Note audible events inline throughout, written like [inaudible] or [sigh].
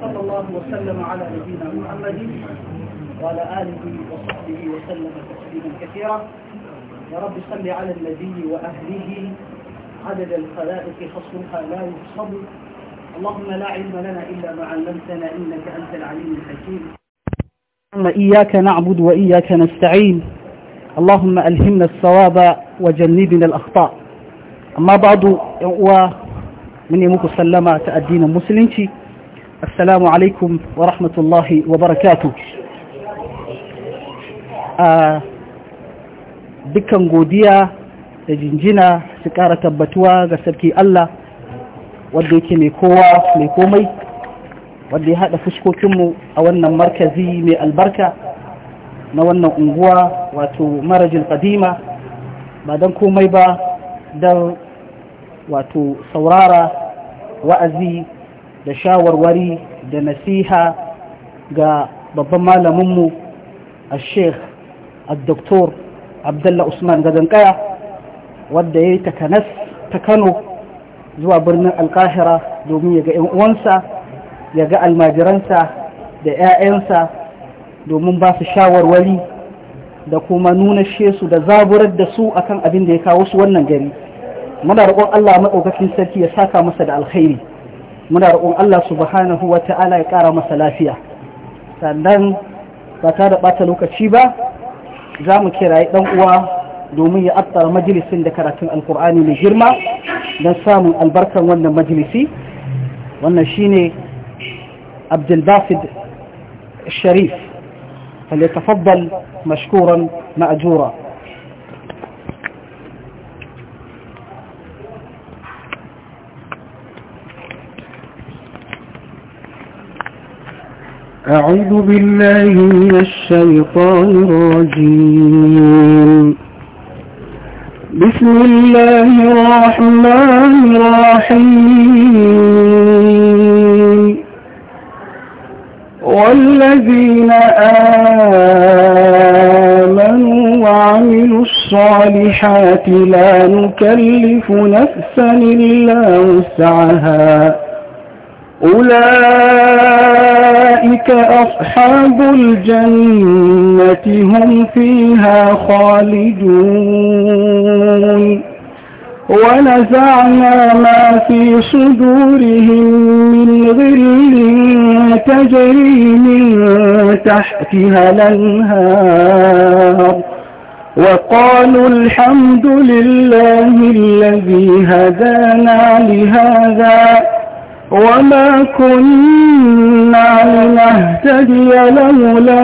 صلى الله وسلم على نبينا محمد وعلى آله وصحبه وسلم تسليما كثيرا يا رب صل على النبي وأهله عدد الخلائق حصرها لا يحصد اللهم لا علم لنا إلا ما علمتنا إنك أنت العليم الحكيم اللهم إياك نعبد وإياك نستعين اللهم ألهمنا الصواب وجنبنا الأخطاء أما بعد من يمكن سلمة الدين المسلمين Assalamu alaikum wa rahmatullahi wa barakatu. A dukkan godiya da jinjina su ƙara tabbatuwa ga sarki Allah wadda yake mai kowa mai komai wadda ya haɗa fuskokinmu a wannan markazi mai albarka na wannan unguwa wato marajin ƙadima ba don komai ba don wato saurara wa'azi da shawarwari da nasiha ga babban malaminmu a sheikh a doktor abdullah usman kaya wadda ya yi takanas ta kano zuwa birnin alkahira domin ya ga 'yan uwansa ya ga almajiransa da 'ya'yansa domin ba su shawarwari da kuma nuna shesu da zaburar da su akan abin da ya kawo su wannan gari muna roƙon Allah maɗaukakin sarki ya saka masa da alkhairi muna roƙon Allah subhanahu wa ta'ala ya ƙara masa lafiya sannan ba ta da ɓata lokaci ba za mu kirayi ɗan uwa domin ya attara majalisin da karatun alkur'ani mai girma don samun albarkan wannan majalisi wannan shine abdulbasid sharif فليتفضل مشكورا مأجورا أعوذ بالله من الشيطان الرجيم بسم الله الرحمن الرحيم والذين آمنوا وعملوا الصالحات لا نكلف نفسا إلا وسعها أولئك أصحاب الجنة هم فيها خالدون ونزعنا ما في صدورهم من غل تجري من تحتها الأنهار وقالوا الحمد لله الذي هدانا لهذا وما كنا لنهتدي لولا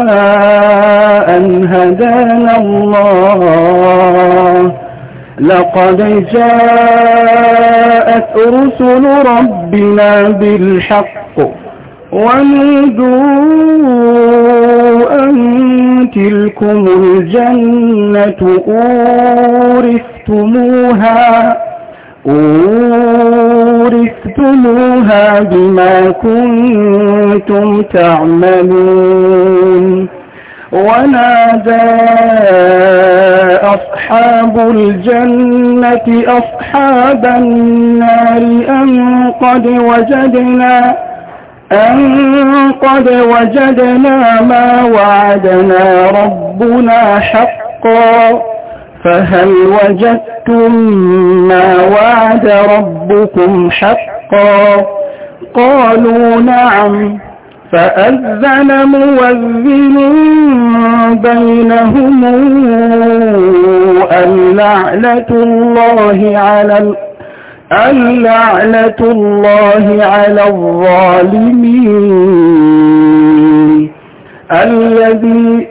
أن هدانا الله لقد جاءت رسل ربنا بالحق ونودوا أن تلكم الجنة أورثتموها أورثتموها فاهلكتموها بما كنتم تعملون ونادى أصحاب الجنة أصحاب النار أن قد وجدنا أن قد وجدنا ما وعدنا ربنا حقا فهل وجدتم ما وعد ربكم حقا قالوا نعم فأذن موذن بينهم اللعنة الله على اللعنة الله على الظالمين الذي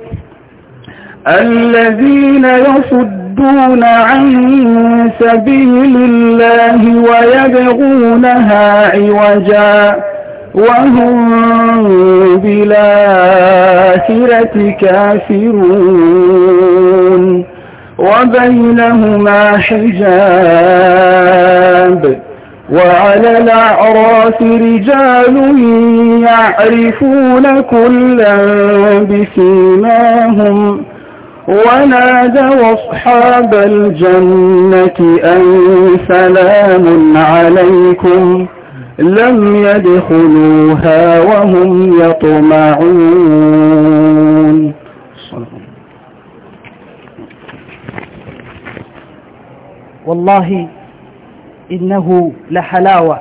الذين يصدون يصدون عن سبيل الله ويبغونها عوجا وهم بالآخرة كافرون وبينهما حجاب وعلى الأعراف رجال يعرفون كلا بسيماهم ونادوا أصحاب الجنة أن سلام عليكم لم يدخلوها وهم يطمعون والله إنه لحلاوة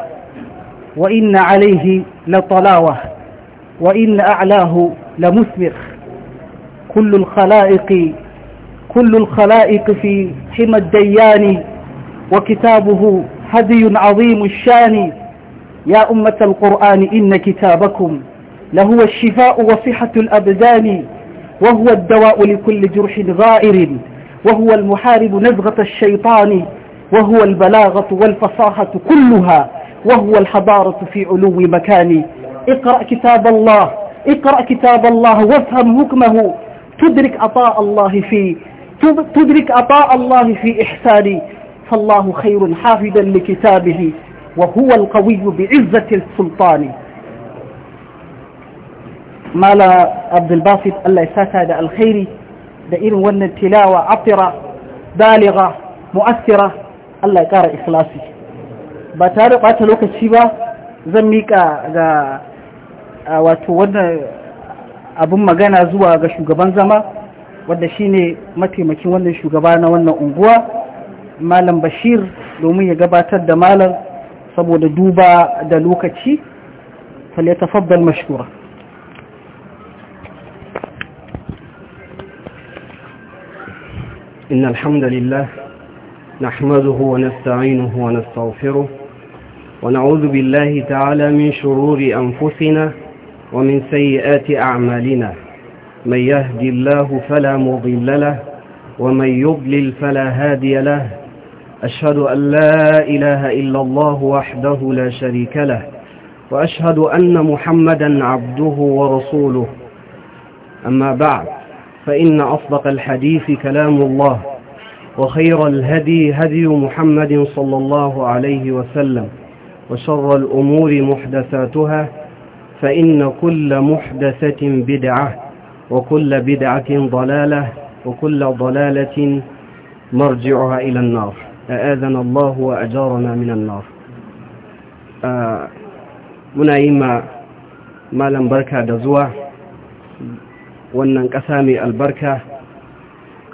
وإن عليه لطلاوة وإن أعلاه لمسبخ كل الخلائق كل الخلائق في حمى الديان وكتابه هدي عظيم الشان يا أمة القرآن إن كتابكم لهو الشفاء وصحة الأبدان وهو الدواء لكل جرح غائر وهو المحارب نزغة الشيطان وهو البلاغة والفصاحة كلها وهو الحضارة في علو مكان اقرأ كتاب الله اقرأ كتاب الله وافهم حكمه تدرك عطاء الله في تدرك عطاء الله في إحساني فالله خير حافظا لكتابه وهو القوي بعزة السلطان مالا عبد الباسط الله يساس هذا الخير دا وان ون التلاوة عطرة بالغة مؤثرة الله يقار إخلاصي باتارق أتلوك الشيبة زميك آه، آه، واتو ون abin magana zuwa ga shugaban zama wadda shine mataimakin wannan shugaba na wannan unguwa malam bashir domin ya gabatar da malam saboda duba da lokaci falyatafaddal mashura إن الحمد لله نحمده ونستعينه ونستغفره ونعوذ بالله تعالى من شرور أنفسنا ومن سيئات أعمالنا من يهد الله فلا مضل له ومن يضلل فلا هادي له أشهد أن لا إله إلا الله وحده لا شريك له وأشهد أن محمدا عبده ورسوله أما بعد فإن أصدق الحديث كلام الله وخير الهدي هدي محمد صلى الله عليه وسلم وشر الأمور محدثاتها فإن كل محدثة بدعة وكل بدعة ضلالة وكل ضلالة مرجعها إلى النار أآذن الله وأجارنا من النار هنا آه، إما ما لم بركة دزوة وأن قسامي البركة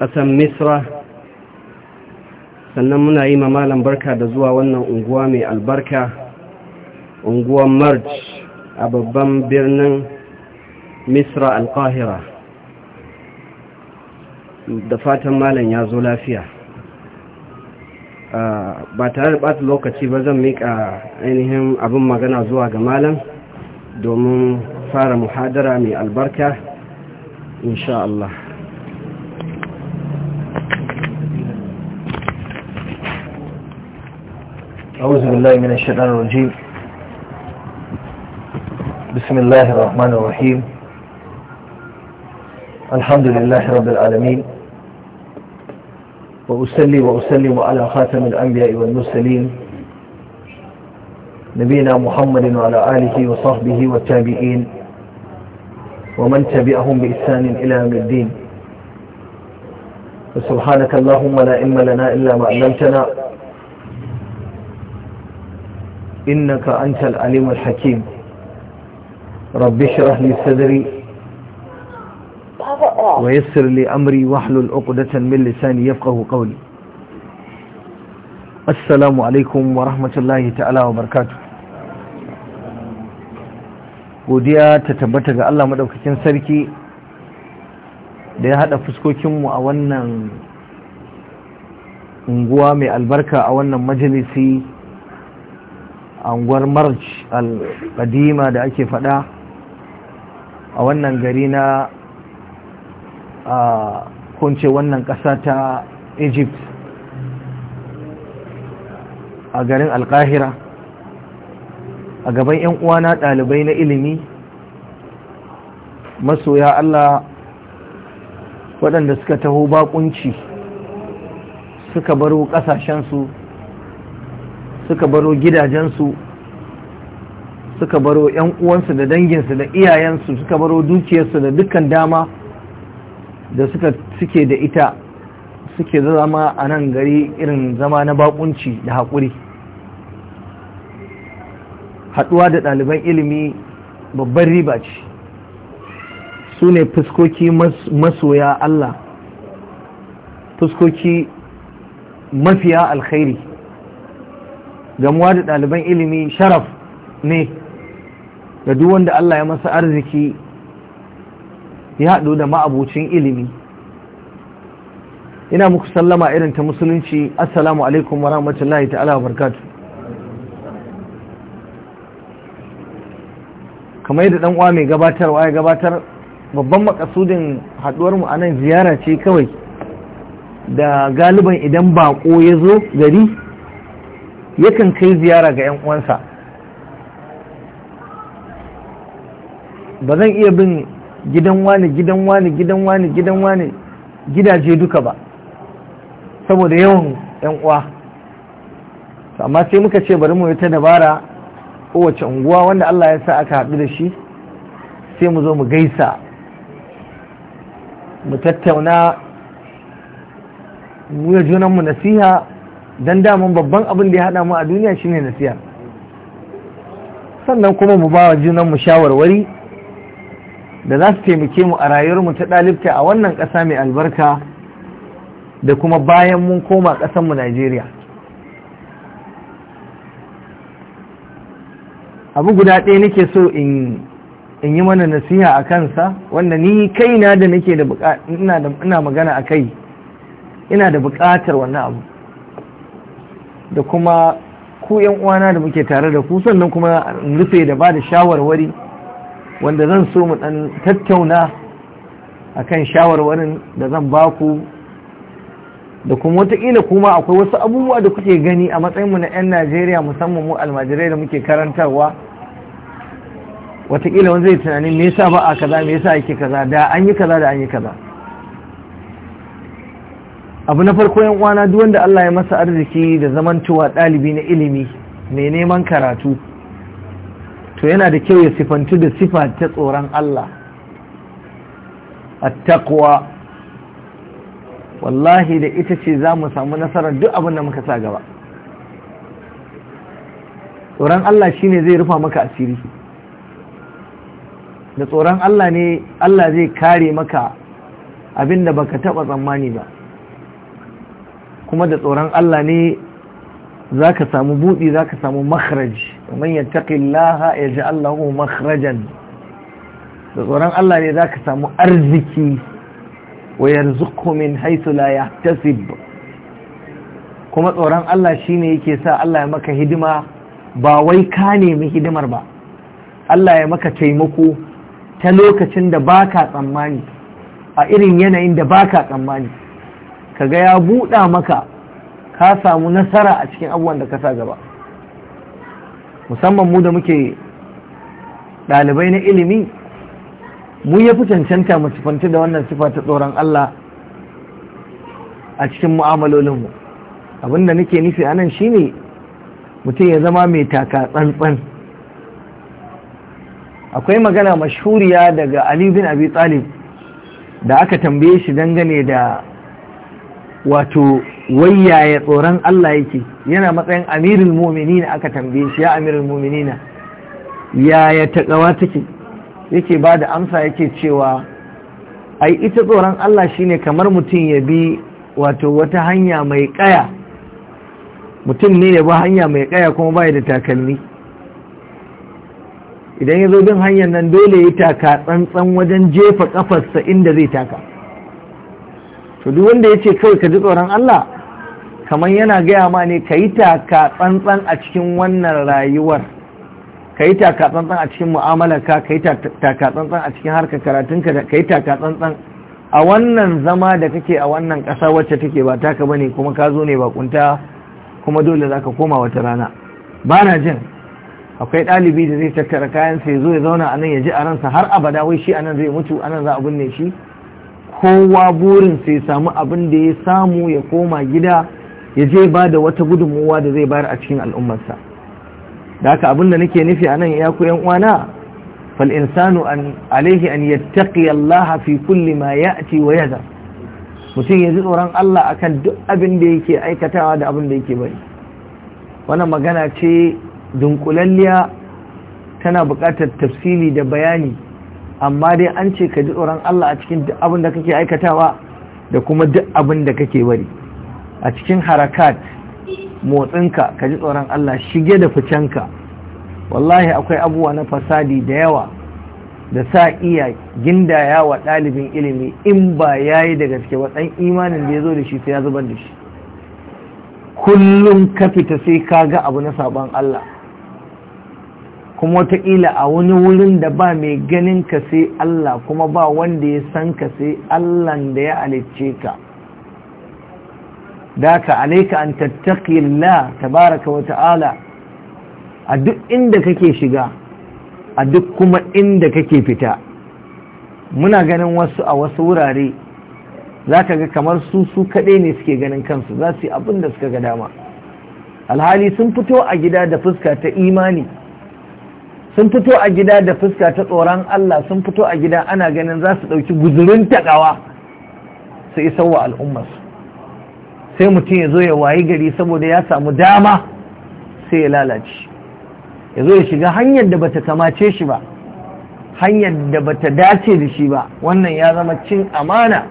قسم مصر منا إما ما لم بركة دزوة وأن أنقوامي البركة أنقوام مرج a babban birnin misra alkahira da fatan malam ya zo lafiya ah, ba tare da bata lokaci ba zan mika ainihin abin magana zuwa ga malam domin fara muhadara mai albarka insha Allah أعوذ بالله من الشيطان الرجيم بسم الله الرحمن الرحيم الحمد لله رب العالمين وأسلي وأسلم على خاتم الأنبياء والمرسلين نبينا محمد وعلى آله وصحبه والتابعين ومن تبعهم بإحسان إلى يوم الدين وسبحانك اللهم لا علم لنا إلا ما علمتنا إنك أنت العليم الحكيم رب اشرح لي صدري ويسر لي أمري واحلل عقدة من لساني يفقه قولي السلام عليكم ورحمة الله تعالى وبركاته godiya ta tabbata ga Allah madaukakin sarki da ya haɗa fuskokinmu a wannan unguwa mai albarka a wannan majalisi a unguwar march al-qadima da ake faɗa a wannan gari na kunce wannan ƙasa ta egypt a garin alkahira a gaban 'yan uwana ɗalibai na ilimi masoya allah waɗanda suka taho bakunci suka baro ƙasashensu suka baro gidajensu suka baro 'yan uwansu da danginsu da iyayensu suka baro dukiyarsu da dukkan dama da suka suke da ita suke zama a nan gari irin zama na bakunci da haƙuri haɗuwa da ɗaliban ilimi babban riba ce su ne fuskoki masoya Allah fuskoki mafiya alkhairi gamuwa da ɗaliban ilimi sharaf ne da duk wanda Allah ya masa arziki ya haɗu da ma'abucin ilimi ina muku sallama irin ta musulunci assalamu alaikum wa rahmatullahi ta'ala wa barkatu kamar yadda ɗan uwa mai gabatarwa ya gabatar babban makasudin haɗuwar mu a nan ziyara ce kawai da galiban idan bako ya zo gari yakan kai ziyara ga 'yan uwansa ba zan iya bin gidan wani gidan wani gidan wani gidan wani gidaje duka ba saboda yawan yan uwa amma sai muka ce bari mu yi ta dabara kowace unguwa wanda Allah ya sa aka haɗu da shi sai mu zo mu gaisa mu tattauna mu ya junanmu nasiha don daman babban abin da ya haɗa mu a duniya shine nasiha sannan kuma mu ba wa junanmu shawarwari da za su taimake mu a rayuwarmu ta ɗalibta a wannan ƙasa mai albarka da kuma bayan mun koma ƙasanmu Najeriya. Abu guda ɗaya nake so in yi mana nasiha a kansa wanda ni kaina da nake da ina magana a kai ina da buƙatar wannan abu da kuma ku uwana da muke tare da ku sannan kuma rufe da ba da shawarwari wanda zan so mu dan tattauna akan shawarwarin da zan ba ku. da kuma wataƙila kuma akwai wasu abubuwa da kuke gani a matsayin matsayinmu na 'yan najeriya musamman mu almajirai da muke karantarwa wataƙila wani zai tunanin me yasa ba a kaza me yasa ake kaza da an yi kaza da an yi kaza abu na farko yan uwana duk wanda Allah ya masa arziki da zamantowa ɗalibi na ilimi mai neman karatu to yana da kyau ya sifanci da sifa ta tsoron Allah attaqwa wallahi da ita ce za mu samu nasarar duk abin da muka sa gaba tsoron Allah shi ne zai rufa maka asiri da tsoron Allah ne Allah zai kare maka abin da baka taɓa tsammani ba kuma da tsoron Allah ne za ka samu buɗi za ka samu makaraji ومن يتق الله يجعل له مخرجا tsoron Allah ne zaka samu arziki wa yarzuqhu min haythu la yahtasib kuma tsoron Allah shine yake sa Allah ya maka hidima ba wai ka nemi hidimar ba Allah ya maka taimako ta lokacin da baka tsammani a irin yanayin da baka tsammani kaga ya buɗa maka ka samu nasara a cikin abubuwan da ka sa gaba musamman mu da muke ɗalibai na ilimi mu ya fi cancanta mu sifanci da wannan sifa ta tsoron Allah a cikin mu'amalolinmu abinda nake nufi anan shine mutum ya zama mai taka tsantsan akwai magana mashhuriya daga Ali bin Abi Talib da aka tambaye shi dangane da wato yaya tsoron Allah yake yana matsayin amirul muminina aka tambaye shi ya amirul muminina yaya taɗawa take yake ba da amsa yake cewa ai ita tsoron Allah shine kamar mutum ya bi wato wata hanya mai kaya mutum ne ya bi hanya mai kaya kuma baya da takalmi idan ya zo bin hanyar nan dole ya taka tsantsan wajen jefa kafarsa inda zai taka to duk wanda ya ce kawai ka ji tsoron Allah kamar yana gaya ma ne ka yi taka tsantsan a cikin wannan rayuwar ka yi taka tsantsan a cikin mu'amalarka ka yi taka tsantsan a cikin harkar karatunka ka yi taka tsantsan a wannan zama da kake a wannan ƙasa wacce take ba taka bane kuma ka zo ne bakunta kuma dole za ka koma wata rana ba na jin akwai ɗalibi da zai tattara kayan sai zo ya zauna a nan ya ji a ransa har abada wai shi a nan zai mutu a nan za a binne shi kowa burin sai samu abin da ya samu ya koma gida ya je ba da wata gudunmuwa da zai bayar a cikin al'ummarsa da haka da nake nufi a nan ya ku yan uwana fal insanu an alaihi an yattaqi Allah fi kulli ma ya'ti wa yadhar mutum ya ji tsoron Allah akan duk abin da yake aikatawa da abin da yake bari wannan magana ce dunkulalliya tana buƙatar tafsiri da bayani amma dai an ce ka ji tsoron Allah a cikin duk abin da kake aikatawa da kuma duk abin da kake bari a cikin harakat motsinka ka ji tsoron Allah shige da ficenka wallahi akwai abubuwa na fasadi da yawa da sa iya gindaya wa ɗalibin ilimi in ba ya yi da gaske ba ɗan imanin da ya zo da shi sai ya zubar da shi kullum ka fita sai ka ga abu na sabon Allah kuma wataƙila a wani wurin da ba mai ganin ka sai Allah kuma ba wanda ya san ka sai Allahn da ya alice ka daka alaika an tattaki Allah tabaraka wa ta'ala a duk inda kake shiga a duk kuma inda kake fita muna ganin wasu a wasu wurare za ka ga kamar su su kaɗai ne suke ganin kansu za su yi abin da suka ga dama alhali sun fito a gida da fuska ta imani sun fito a gida da fuska ta tsoron Allah sun fito a gida ana ganin za su ɗauki guzurin taƙawa su isa wa al'ummarsu sai mutum ya zo ya wayi gari saboda ya samu dama sai ya lalace ya zo ya shiga hanyar da bata kamace shi ba hanyar da bata dace da shi ba wannan ya zama cin amana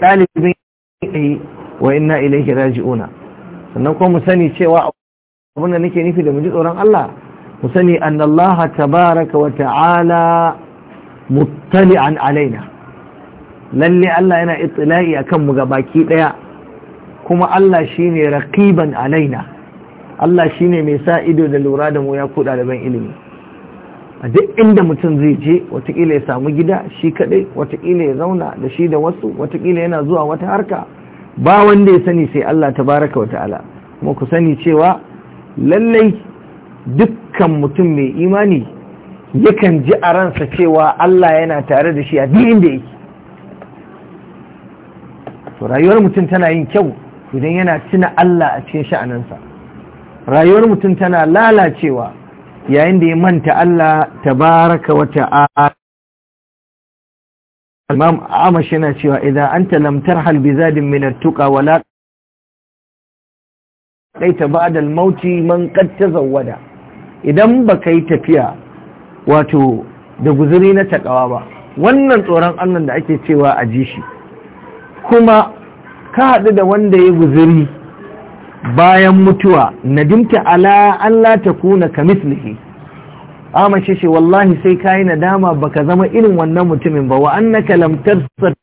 ɗalibin yi wa inna ilaihi raji'una sannan kuma mu sani cewa abin da nake nufi da mu ji tsoron Allah mu sani annallaha tabaraka wa ta'ala muttali'an alaina lalle Allah yana ittila'i akan mu ga baki daya kuma Allah shi shine rakiban alaina Allah shi ne mai sa ido da lura da mu ya kuɗa da ban ilimi a duk inda mutum zai je watakila ya samu gida shi kaɗai, watakila ya zauna da shi da wasu watakila yana zuwa wata harka ba wanda ya sani sai Allah ta baraka wa ta'ala kuma ku sani cewa lallai dukkan mutum mai imani yakan ji a ransa cewa Allah yana tare da shi a duk inda yake rayuwar mutum tana yin kyau idan yana tuna Allah a cikin sha'aninsa rayuwar mutum tana lalacewa yayin da ya manta Allah tabaraka wata ta'ala Imam Amash yana cewa idan anta lam tarhal bi zadin min at-tuqa wala laita ba'da al-mauti man qad tazawwada idan baka yi tafiya wato da guzuri na takawa ba wannan tsoron Allah da ake cewa a ji shi kuma ka haɗu da wanda ya guziri bayan mutuwa nadimta ala Allah ta kuna ka mislihi amashe shi wallahi sai kayi nadama baka zama irin wannan mutumin ba wa annaka lam tarsa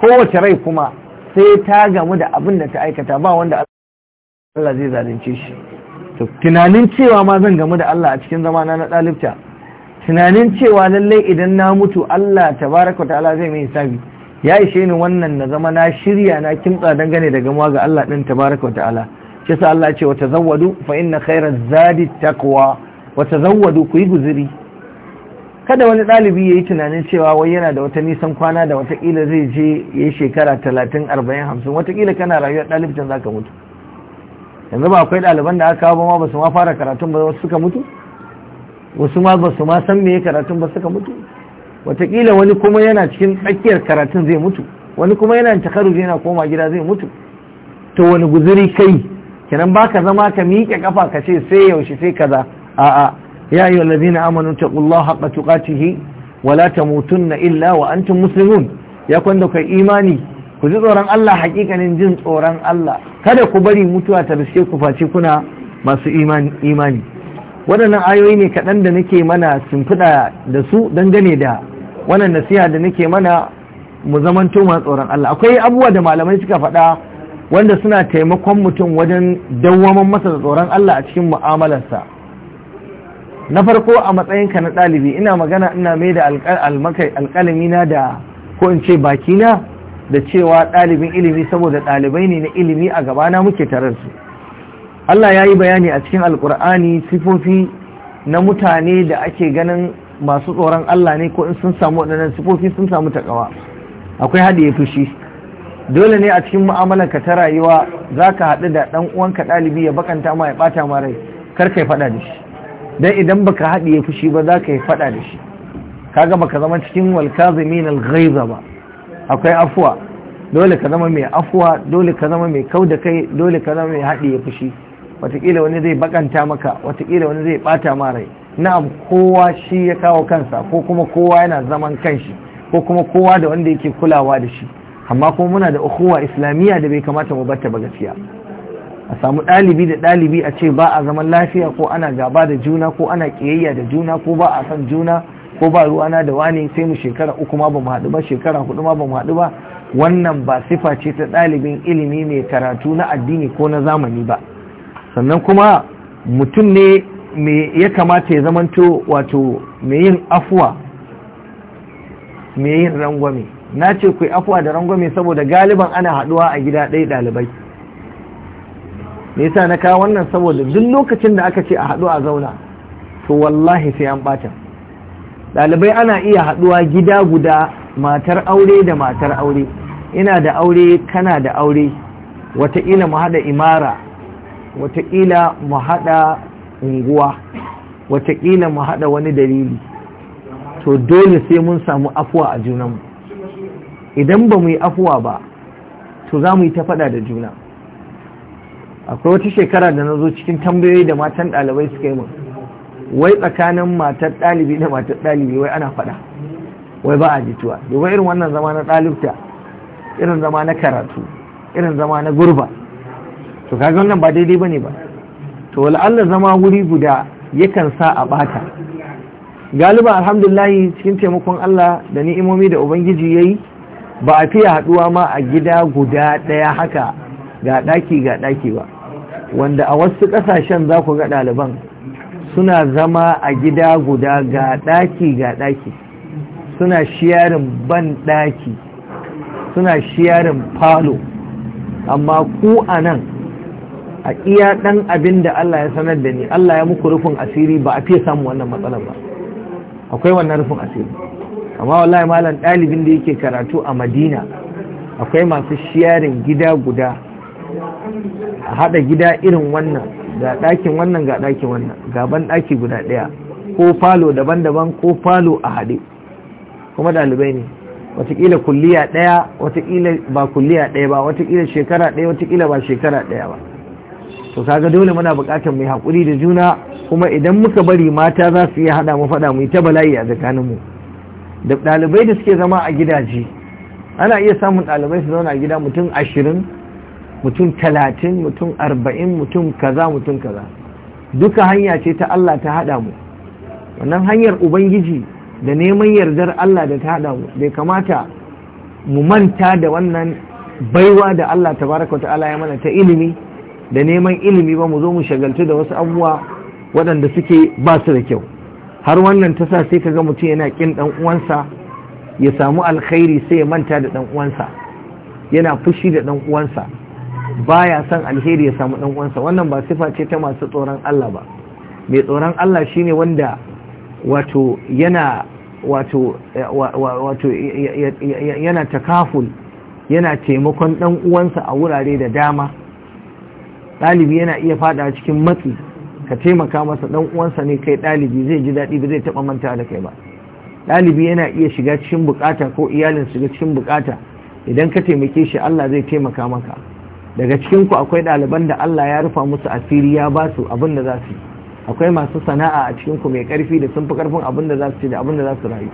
kowace rai kuma sai ta gamu da abin da ta aikata ba wanda Allah zai zalunce shi to tunanin cewa ma zan gamu da Allah a cikin zamana na dalibta tunanin cewa lallai idan na mutu Allah tabaraka ta'ala zai mai hisabi ya ishe ni wannan na zama na shirya na kimtsa dangane da gamuwa ga Allah ɗin tabaraka wa ta'ala shi sa Allah ce wa tazawwadu fa inna khairaz zadi taqwa wa tazawwadu ku yi guziri kada wani ɗalibi ya yi tunanin cewa wai yana da wata nisan kwana da watakila zai je ya yi shekara talatin arba'in hamsin watakila kana rayuwar ɗalibcin za ka mutu yanzu ba akwai ɗaliban da aka kawo ma ba su ma fara karatun ba suka mutu wasu ma ba su ma san me karatun ba suka mutu watakila wani kuma yana cikin tsakiyar karatun zai mutu wani kuma yana takaru yana koma gida zai mutu to wani guzuri kai kenan baka zama ka miƙe kafa ka ce sai yaushe sai kaza a'a ya ayyuhal ladina amanu taqullaha haqqa tuqatihi wa tamutunna illa wa antum muslimun ya kwanda kai imani ku ji tsoron Allah hakikanin jin tsoron Allah kada ku bari mutuwa ta riske ku face kuna masu imani imani waɗannan ayoyi ne kaɗan da nake mana shimfiɗa da su dangane da wannan nasiha da nake mana mu zamanto masu tsoron Allah akwai abubuwa da malamai suka faɗa wanda suna taimakon mutum wajen dawwaman masa da tsoron Allah a cikin mu'amalarsa na farko a matsayinka na ɗalibi ina magana ina mai da alƙalami na da ko in ce bakina da cewa ɗalibin ilimi saboda ɗalibai ne na ilimi a gabana muke tare su Allah ya yi bayani a cikin alƙur'ani sifofi na mutane da ake ganin masu tsoron Allah ne ko in sun samu waɗannan sifofi sun samu takawa akwai haɗiye fushi dole ne a cikin mu'amalar ka ta rayuwa za ka haɗu da ɗan uwanka ɗalibi ya bakanta ma ya ɓata ma rai kar ka yi faɗa da shi dan idan baka haɗiye fushi ba za ka yi faɗa da shi kaga baka zama cikin walkazimin alghaiza ba akwai afuwa dole ka zama mai afuwa dole ka zama mai kau da kai dole ka zama mai haɗiye fushi watakila wani zai bakanta maka watakila wani zai ɓata ma rai na'am kowa shi ya kawo kansa ko kuma kowa yana zaman kanshi ko kuma kowa da wanda yake kulawa da shi amma kuma muna da ukhuwa islamiyya da bai kamata mu batta ba gaskiya a samu ɗalibi da ɗalibi a ce ba a zaman lafiya ko ana gaba da juna ko ana kiyayya da juna ko ba a son juna ko ba ruwana da wani sai mu shekara uku ma ba mu haɗu ba shekara hudu ma ba mu haɗu ba wannan ba sifa ce ta ɗalibin ilimi mai karatu na addini ko na zamani ba sannan kuma mutum ne me ya kamata ya zamanto wato me yin afuwa me yin rangwame na ce ku afuwa da rangwame saboda galiban ana haduwa a gida ɗaya ɗalibai me yasa na kawo wannan saboda duk lokacin da aka ce a haɗu a zauna to wallahi sai an ɓata ɗalibai ana iya haɗuwa gida guda matar aure da matar aure ina da aure kana da aure wataƙila mu haɗa imara wataƙila mu haɗa unguwa watakila mu haɗa wani dalili to dole sai mun samu afuwa a mu. idan ba mu yi afuwa ba to za mu yi ta faɗa da juna akwai wata shekara da na zo cikin tambayoyi da matan ɗalibai suka yi mun wai tsakanin matar ɗalibi da matar ɗalibi wai ana faɗa wai ba a jituwa domin irin wannan zama na ɗalibta irin zama na karatu irin zama na gurba to kaga wannan ba daidai ba ne ba to wal'alla zama wuri guda yakan sa a bata galiba alhamdulillahi cikin taimakon Allah da ni'imomi da ubangiji yayi ba a fiye haɗuwa ma a gida guda daya haka ga ɗaki ga ɗaki ba wanda a wasu ƙasashen za ku ga ɗaliban suna zama a gida guda ga ɗaki ga ɗaki, suna shiyarin ban daki suna shiyarin falo amma ku a nan a iya ɗan abin da Allah ya sanar da ni Allah ya muku rufin asiri ba a fiye samun wannan matsalar ba akwai wannan rufin asiri amma wallahi malam ɗalibin da yake karatu a madina akwai masu shiyarin gida guda a haɗa gida irin wannan ga ɗakin wannan ga ɗakin wannan gaban ɗaki guda ɗaya ko falo daban-daban ko falo a haɗe kuma ɗalibai ne watakila kulliya ɗaya watakila ba kulliya ɗaya ba watakila shekara ɗaya watakila ba shekara ɗaya ba to kaga dole muna buƙatar mai haƙuri da juna kuma idan muka bari mata za su iya haɗa mu faɗa mu ta bala'i a tsakaninmu da ɗalibai da suke zama a gidaje ana iya samun ɗalibai su zauna a gida mutum ashirin mutum talatin mutum arba'in mutum kaza mutum kaza duka hanya ce ta Allah ta haɗa mu wannan hanyar ubangiji da neman yardar Allah da ta haɗa mu bai kamata mu manta da wannan baiwa da Allah tabaraka wa ta'ala ya mana ta ilimi da neman ilimi ba mu zo mu shagaltu da wasu abubuwa waɗanda suke ba su da kyau har wannan ta sa sai ka ga mutum yana kin dan uwansa ya samu alkhairi sai ya manta da dan uwansa yana fushi da dan uwansa baya son alheri ya samu dan uwansa wannan ba sifa ce ta masu tsoron Allah ba mai tsoron Allah shine wanda wato yana wato eh, wato yana takaful yana taimakon dan uwansa a wurare da dama ɗalibi yana iya fada cikin matsi ka taimaka masa ɗan uwansa ne kai ɗalibi zai ji daɗi ba zai taɓa manta da kai ba ɗalibi yana iya shiga cikin bukata ko iyalin shiga cikin bukata idan ka taimake shi Allah zai taimaka maka daga cikin ku akwai ɗaliban da Allah ya rufa musu asiri ya ba su abin da za su akwai masu sana'a a cikin ku mai karfi da sun fi karfin abin da za su ci da abin da za su rayu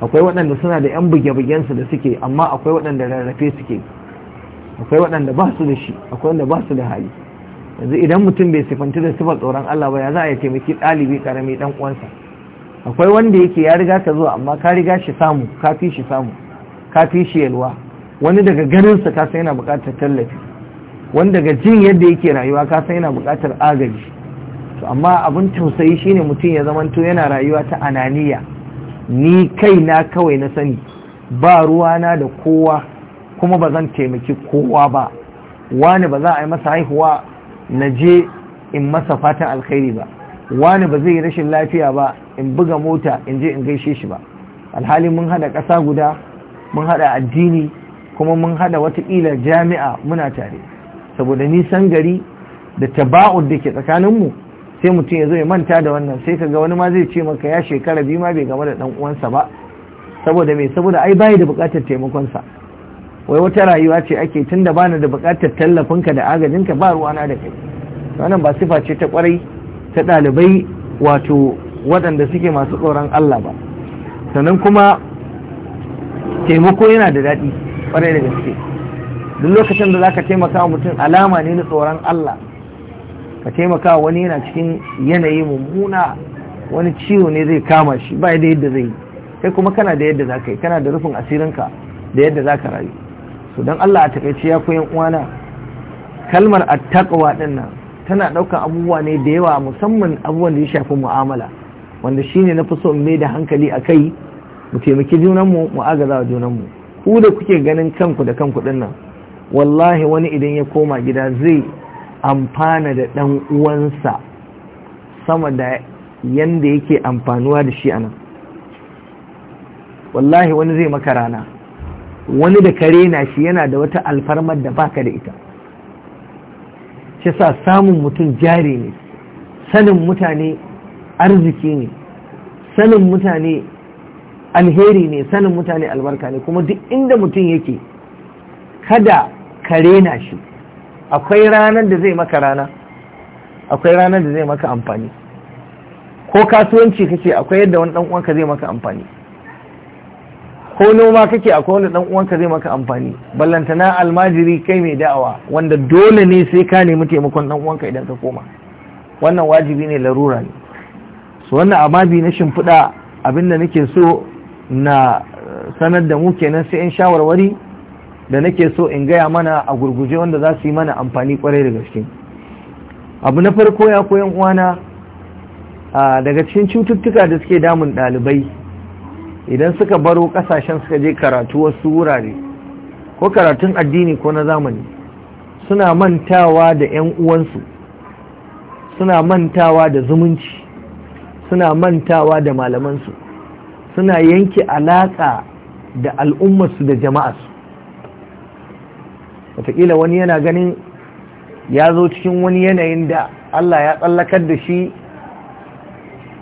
akwai waɗanda suna da yan buge-bugen su da suke amma akwai waɗanda rarrafe suke akwai waɗanda ba su da shi akwai waɗanda ba su da hali yanzu idan mutum bai sifanci da sifar tsoron Allah ba ya za a yi taimaki ɗalibi ƙarami ɗan uwansa akwai wanda yake ya riga ka zuwa amma ka riga shi samu ka fi shi samu ka fi shi yalwa wani daga ganinsa ka san yana buƙatar tallafi wani daga jin yadda yake rayuwa ka san yana buƙatar agaji to amma abin tausayi shine mutum ya zamanto yana rayuwa ta ananiya ni kaina kawai na sani ba ruwana da kowa kuma ba zan taimaki kowa ba wani ba za a yi masa haihuwa na je in masa fatan alkhairi ba wani ba zai yi rashin lafiya ba in buga mota in je in gaishe shi ba alhali mun hada ƙasa guda mun hada addini kuma mun hada watakila jami'a muna tare saboda nisan gari da taba'ud da ke tsakaninmu sai mutum ya zo ya manta da wannan sai kaga wani ma zai ce maka ya shekara biyu ma bai game da dan uwansa ba saboda me saboda ai bai da bukatar taimakonsa wai wata rayuwa ce ake tun da bani da bukatar tallafinka da agajinka ba ruwana da kai wannan ba sifa ce ta kwarai ta ɗalibai wato waɗanda suke masu tsoron Allah ba sannan kuma taimako yana da daɗi kwarai da gaske duk lokacin da zaka taimaka mutum alama ne na tsoron Allah ka taimaka wani yana cikin yanayi mummuna wani ciwo ne zai kama shi ba da yadda zai yi kai kuma kana da yadda za ka yi kana da rufin asirinka da yadda za ka rayu su don Allah a takaice ya koyan uwana kalmar attaqwa din nan tana ɗaukar abubuwa ne da yawa musamman abubuwan da ya shafi mu'amala wanda shi ne na fi so mai da hankali a kai mu taimaki junanmu mu agaza wa junanmu ku da kuke ganin kanku da kanku din nan wallahi wani idan ya koma gida zai amfana da ɗan uwansa sama da yanda yake amfanuwa da shi a nan. wallahi wani zai maka rana wani da kare na shi yana da wata alfarmar da baka da ita shi sa samun mutum jari ne sanin mutane arziki ne sanin mutane alheri ne sanin mutane albarka ne kuma duk inda mutum yake kada kare na shi akwai ranar da zai maka rana akwai ranar da zai maka amfani ko kasuwanci kace akwai yadda wani dan uwanka zai maka amfani ko noma kake akwai wanda dan uwanka zai maka amfani ballantana almajiri kai mai da'awa wanda dole ne sai ka nemi taimakon dan uwanka idan ka koma wannan wajibi ne larura ne so wannan ababi na shimfiɗa abin da nake so na eh, sanar da mu kenan sai in shawarwari da nake so in gaya mana a gurguje wanda za su yi mana amfani kwarai da gaske abu na farko ya koyan uwana ah, daga cikin cututtuka da suke damun ɗalibai idan suka baro kasashen suka je karatu wasu wurare ko karatun addini ko na zamani suna mantawa da 'yan uwansu suna mantawa da zumunci suna mantawa da malamansu suna yanke alaƙa da al'ummarsu da jama'arsu wataƙila wani yana ganin ya zo cikin wani yanayin da Allah ya tsallakar da shi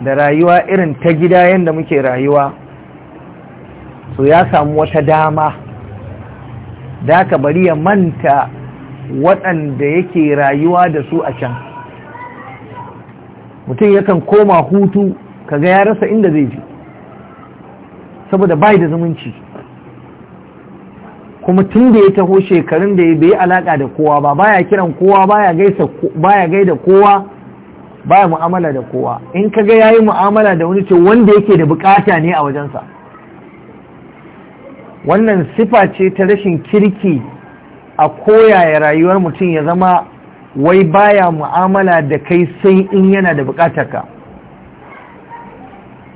da rayuwa irin ta gida yadda muke rayuwa to ya samu wata dama da ka bari ya manta waɗanda yake rayuwa da su a can mutum yakan koma hutu kaga ya rasa inda zai je saboda bai da zumunci kuma tun da ya taho shekarun da ya bai alaka da kowa ba baya kiran kowa baya gaida kowa baya mu'amala da kowa in kaga yi mu'amala da wani ce wanda yake da bukata ne a wajensa wannan sifa ce ta rashin kirki a koyaya rayuwar mutum ya zama wai baya mu'amala da kai sai in yana da ka.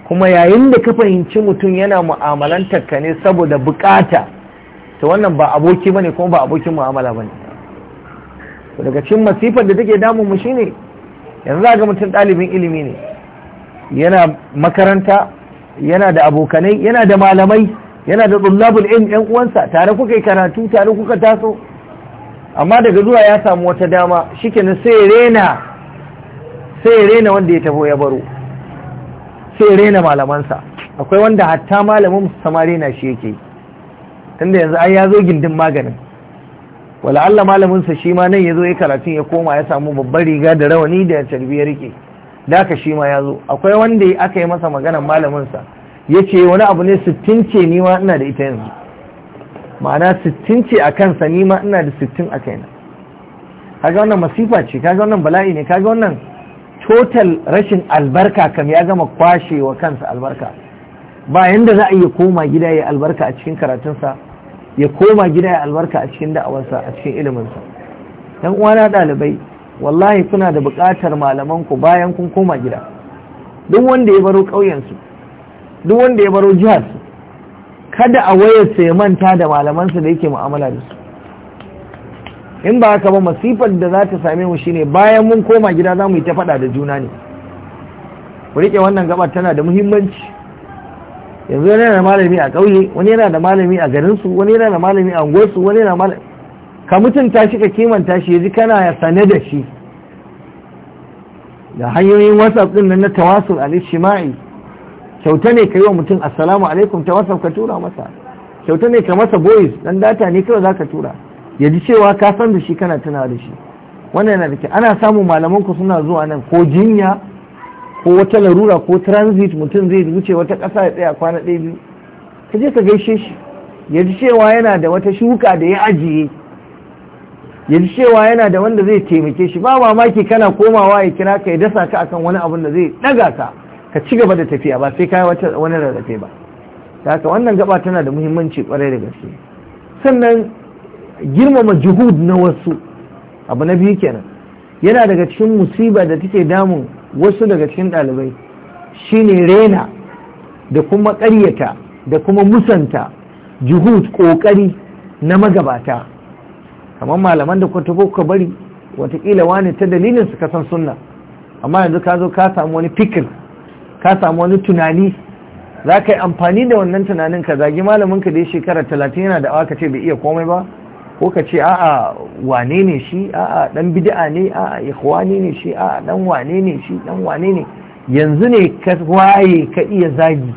kuma yayin da ka fahimci mutum yana mu'amalantarka ne saboda bukata ta wannan ba aboki bane kuma ba abokin mu'amala ba ne. daga cikin masifar da take damun mu shine yanzu ga mutum ɗalibin ilimi ne yana makaranta yana da abokanai yana da malamai yana da dullabul ilm yan uwansa tare kuka yi karatu tare kuka taso amma daga zuwa ya samu wata dama kenan sai rena sai rena wanda ya tafi ya baro sai rena malamansa akwai wanda hatta malamin sama na shi yake tunda yanzu an ya zo gindin maganin wala Allah malaminsa shi ma nan ya zo ya karatu ya koma ya samu babbar riga da rawani da tarbiyyar rike da ka shi ma ya zo akwai wanda aka yi masa maganar malaminsa ya ce wani abu ne sittin ce ni ma ina da ita yanzu ma'ana sittin ce a kansa ni ma ina da sittin a kaina kaga wannan masifa ce kaga wannan bala'i ne kaga wannan total rashin albarka kam ya gama kwashe wa kansa albarka ba yanda za a iya koma gida ya albarka a cikin karatunsa ya koma gida ya albarka a cikin da'awarsa a cikin iliminsa dan uwana dalibai wallahi kuna da buƙatar malamanku bayan kun koma gida duk wanda ya baro ƙauyensu duk wanda ya baro jihar kada a wayarsa ya manta da malamansa da yake mu'amala da su in ba haka ba masifar da za ta same mu shine bayan mun koma gida za mu yi ta faɗa da juna ne ku riƙe wannan gaba tana da muhimmanci yanzu wani yana da malami a ƙauye wani yana da malami a garinsu wani yana da malami a unguwarsu wani yana malami ka mutunta shi ka kimanta shi yaji kana ya sane da shi da hanyoyin whatsapp din nan na tawasul al-ijtima'i kyauta ne ka yi wa mutum assalamu alaikum ta wasa ka tura masa kyauta ne ka masa boys dan data ne kawai zaka tura ya ji cewa ka san da shi kana tuna da shi wannan yana da kyau ana samun malaman ku suna zuwa nan ko jinya ko wata larura ko transit mutum zai wuce wata ƙasa ya tsaya kwana ɗaya biyu ka je ka gaishe shi ya ji cewa yana da wata shuka da ya ajiye ya ji cewa yana da wanda zai taimake shi ba mamaki kana komawa ya kira ka ya dasa ka akan wani abin da zai ɗaga ka ka ci gaba da tafiya ba sai kai wani rarrafe ba haka wannan gaba tana da muhimmanci kwarai da gaske sannan girmama juhud na wasu abu na biyu kenan yana daga cikin musiba da take damun wasu daga cikin ɗalibai shine rena da kuma karyata da kuma musanta juhud ƙoƙari na magabata kamar malaman da kwata ka bari watakila wani ta dalilin su kasan sunna amma yanzu ka zo ka samu wani fikir ka samu wani tunani za ka yi amfani da wannan tunanin ka zagi malamin da dai shekara talatin yana da awa ka ce bai iya komai ba ko ka ce a'a wane ne shi a'a dan bid'a ne a'a ikhwani ne shi a'a dan wane ne shi dan wane ne yanzu ne ka waye ka iya zagi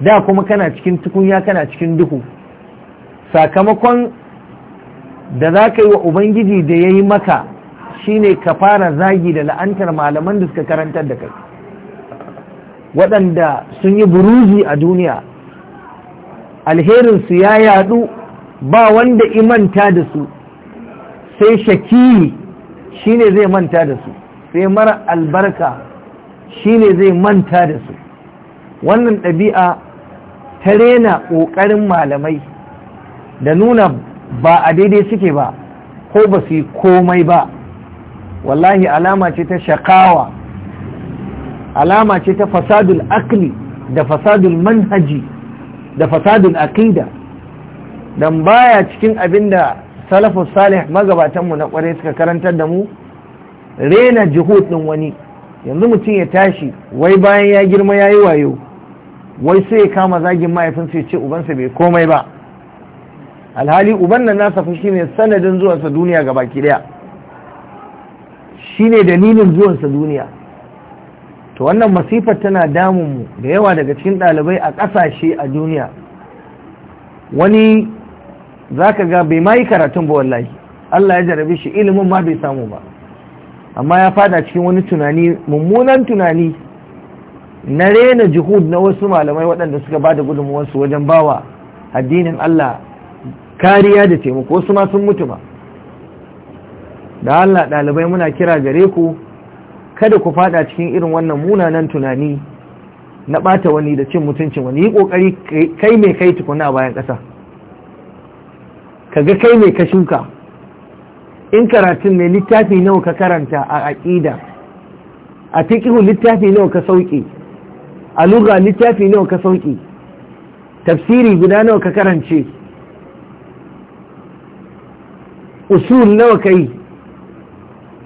da kuma kana cikin tukunya kana cikin duhu sakamakon da za ka yi wa ubangiji da ya yi maka shine ka fara zagi da la'antar malaman da suka karantar da kai waɗanda sun yi buruzi a duniya alherinsu ya yadu ba wanda imanta da su sai shaki shine zai manta da su sai mara albarka shine zai manta da su wannan ɗabi'a ta rena ƙoƙarin malamai da nuna ba a daidai suke ba ko ba su yi komai ba wallahi alama ce ta shakawa alama ce ta fasadul akli da fasadul manhaji da fasadul aqida dan baya cikin abinda salafus salih magabatanmu na kware suka karantar da mu rena juhud din wani yanzu mutum ya tashi wai bayan ya girma yayi wayo wai sai ya kama zagin mahaifinsa ya ce ubansa bai komai ba alhali uban nan nasa fa shine sanadin zuwansa duniya gaba ki daya shine dalilin zuwansa duniya to wannan masifar tana damunmu da yawa daga cikin ɗalibai a ƙasashe a duniya wani za ka ga bai ma yi karatun ba wallahi Allah ya jarabe shi ilimin ma bai samu ba amma ya fada cikin wani tunani mummunan tunani na rena jihud na wasu malamai waɗanda suka ba da gudunmuwansu wajen bawa addinin Allah kariya da taimako su ma sun mutu ba da Allah ɗalibai muna kira gare ku kada ku fada cikin irin wannan munanan tunani na bata wani da cin mutuncin wani yi kokari kai mai kai tukuna a bayan ƙasa kaga kai mai ka shuka in karatun ne littafi nawa ka karanta a aƙida a fiqhu littafi nawa ka sauƙi? a lugha littafi nawa ka sauƙi? tafsiri guda nawa ka karance usul nawa kai?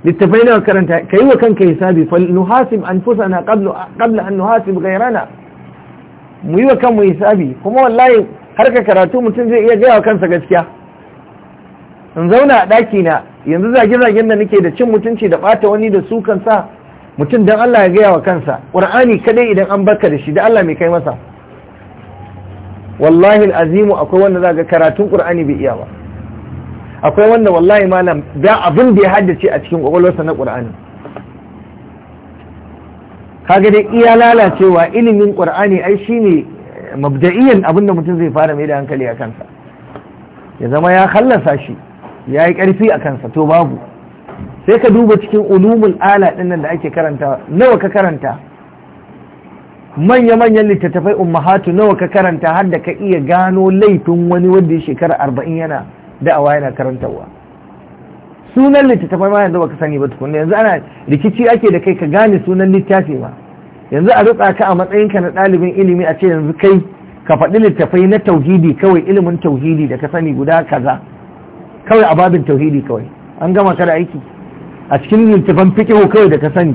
littafai na karanta kai wa kanka hisabi fal nuhasib anfusana qabla qabla an nuhasib ghayrana mu yi wa kanmu hisabi kuma wallahi har ka karatu mutum zai iya gaya wa kansa gaskiya in zauna a ɗaki na yanzu zage-zagen da nake da cin mutunci da ɓata wani da su kansa mutum don Allah ya gaya wa kansa ƙur'ani kadai idan an barka da shi da Allah mai kai masa wallahi azimu akwai wanda za karatun ƙur'ani bai iya ba akwai wanda wallahi malam da abin da ya haddace a cikin kwakwalwarsa na ƙur'ani ga dai iya lalacewa ilimin ƙur'ani ai shine mabda'iyan abin da mutum zai fara mai da hankali a kansa ya zama ya hallasa shi ya yi ƙarfi a kansa to babu sai ka duba cikin ulumul ala ɗin nan da ake karanta nawa ka karanta manya-manyan littattafai ummahatu nawa ka karanta har da ka iya gano laifin wani wanda ya shekara arba'in yana da'awa yana karantawa sunan littattafai ma yanzu baka sani ba tukunna yanzu ana rikici ake da kai ka gane sunan littafi ma yanzu a rutsa ka a matsayin ka na ɗalibin ilimi a ce yanzu kai ka faɗi littafai na tauhidi kawai ilimin tauhidi da ka sani guda kaza kawai a babin tauhidi kawai an gama ka da aiki a cikin littattafan fiqh kawai da ka sani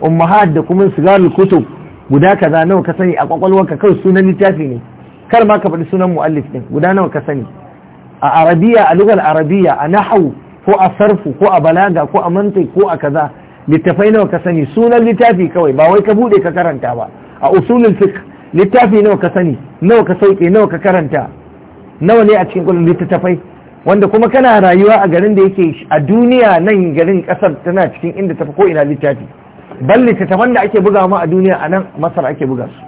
ummahat da kuma sigarul kutub guda kaza nawa ka sani a kwakwalwarka kawai sunan littafi ne kar ma ka faɗi sunan mu'allif din guda nawa ka sani a arabiya a lugar arabiya a nahau ko a sarfu ko a balaga ko a mantai ko a kaza littafai nawa ka sani sunan littafi kawai ba wai ka bude ka karanta ba a usulul fiqh littafi nawa ka sani nawa ka sauke nawa ka karanta nawa ne a cikin kullun littattafai wanda kuma kana rayuwa a garin da yake a duniya nan garin kasar tana cikin inda tafi ko ina littafi Ban littattafan da ake buga ma a duniya a nan masar ake buga su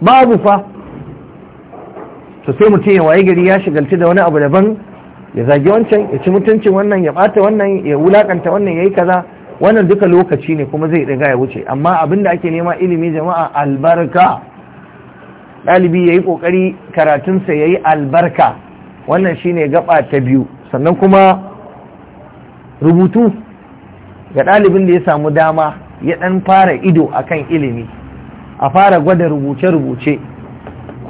babu fa to sai mutum ya waye gari ya shigalci da wani abu daban ya zagi wancan ya ci mutuncin wannan ya bata wannan ya wulakanta wannan ya yi kaza wannan duka lokaci ne kuma zai daga ya wuce amma abin da ake nema ilimi jama'a albarka ɗalibi ya yi ƙoƙari karatunsa ya yi albarka wannan shi ne gaba ta biyu sannan kuma rubutu ga ɗalibin da ya samu dama ya ɗan fara ido akan ilimi a fara gwada rubuce-rubuce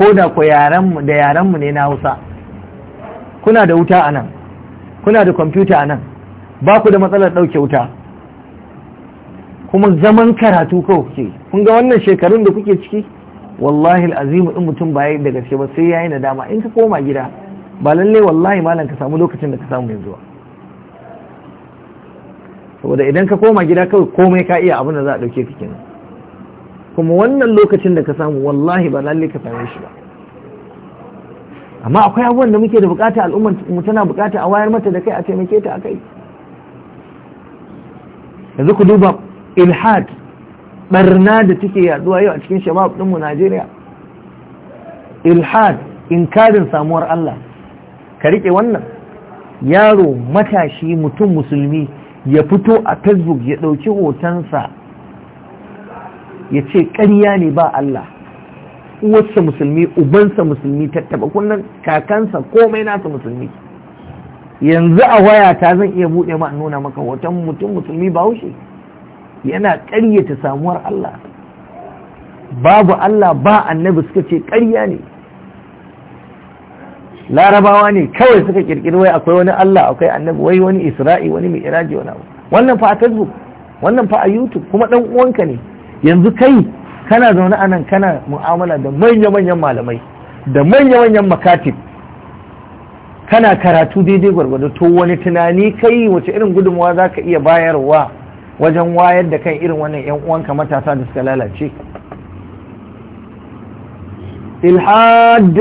ko da ku yarenmu ne na Hausa kuna da wuta anan kuna da kwamfuta anan ba ku da matsalar ɗauke wuta kuma zaman karatu ko kuke kun ga wannan shekarun da kuke ciki wallahi azimu in mutum ba yi da gaske ba sai na dama in ka koma gida ba lalle wallahi malam ka samu lokacin da ka samu yanzu saboda idan ka koma gida kawai komai ka iya abin da za a dauke ka kenan kuma wannan lokacin da ka samu wallahi ba lalle ka same shi ba amma akwai abubuwan da muke da bukata al'ummar mu tana bukata a wayar mata da kai a taimake ta akai yanzu ku duba ilhad barna da take yaduwa yau a cikin shabab din mu Najeriya ilhad inkarin samuwar Allah ka rike wannan yaro matashi mutum musulmi ya fito a Facebook ya dauki hotonsa ya ce ƙarya ne ba Allah uwarsa musulmi ubansa musulmi tattaba kunnan kakansa komai nasa musulmi yanzu a waya ta zan iya buɗe ma nuna maka hoton mutum musulmi haushe yana ƙaryata samuwar Allah babu Allah ba annabi suka ce ƙarya ne larabawa ne kawai suka kirkiri wai akwai wani Allah akwai annabi wai wani isra'i wani mai iraji wani wannan fa a facebook wannan fa a youtube kuma dan uwanka ne yanzu kai kana zaune a nan kana mu'amala da manya-manyan malamai da manya-manyan makatib kana karatu daidai gwargwado to wani tunani kai wace irin gudunmawa za ka iya bayarwa wajen wayar da kan irin wannan 'yan uwanka matasa da suka lalace ilhad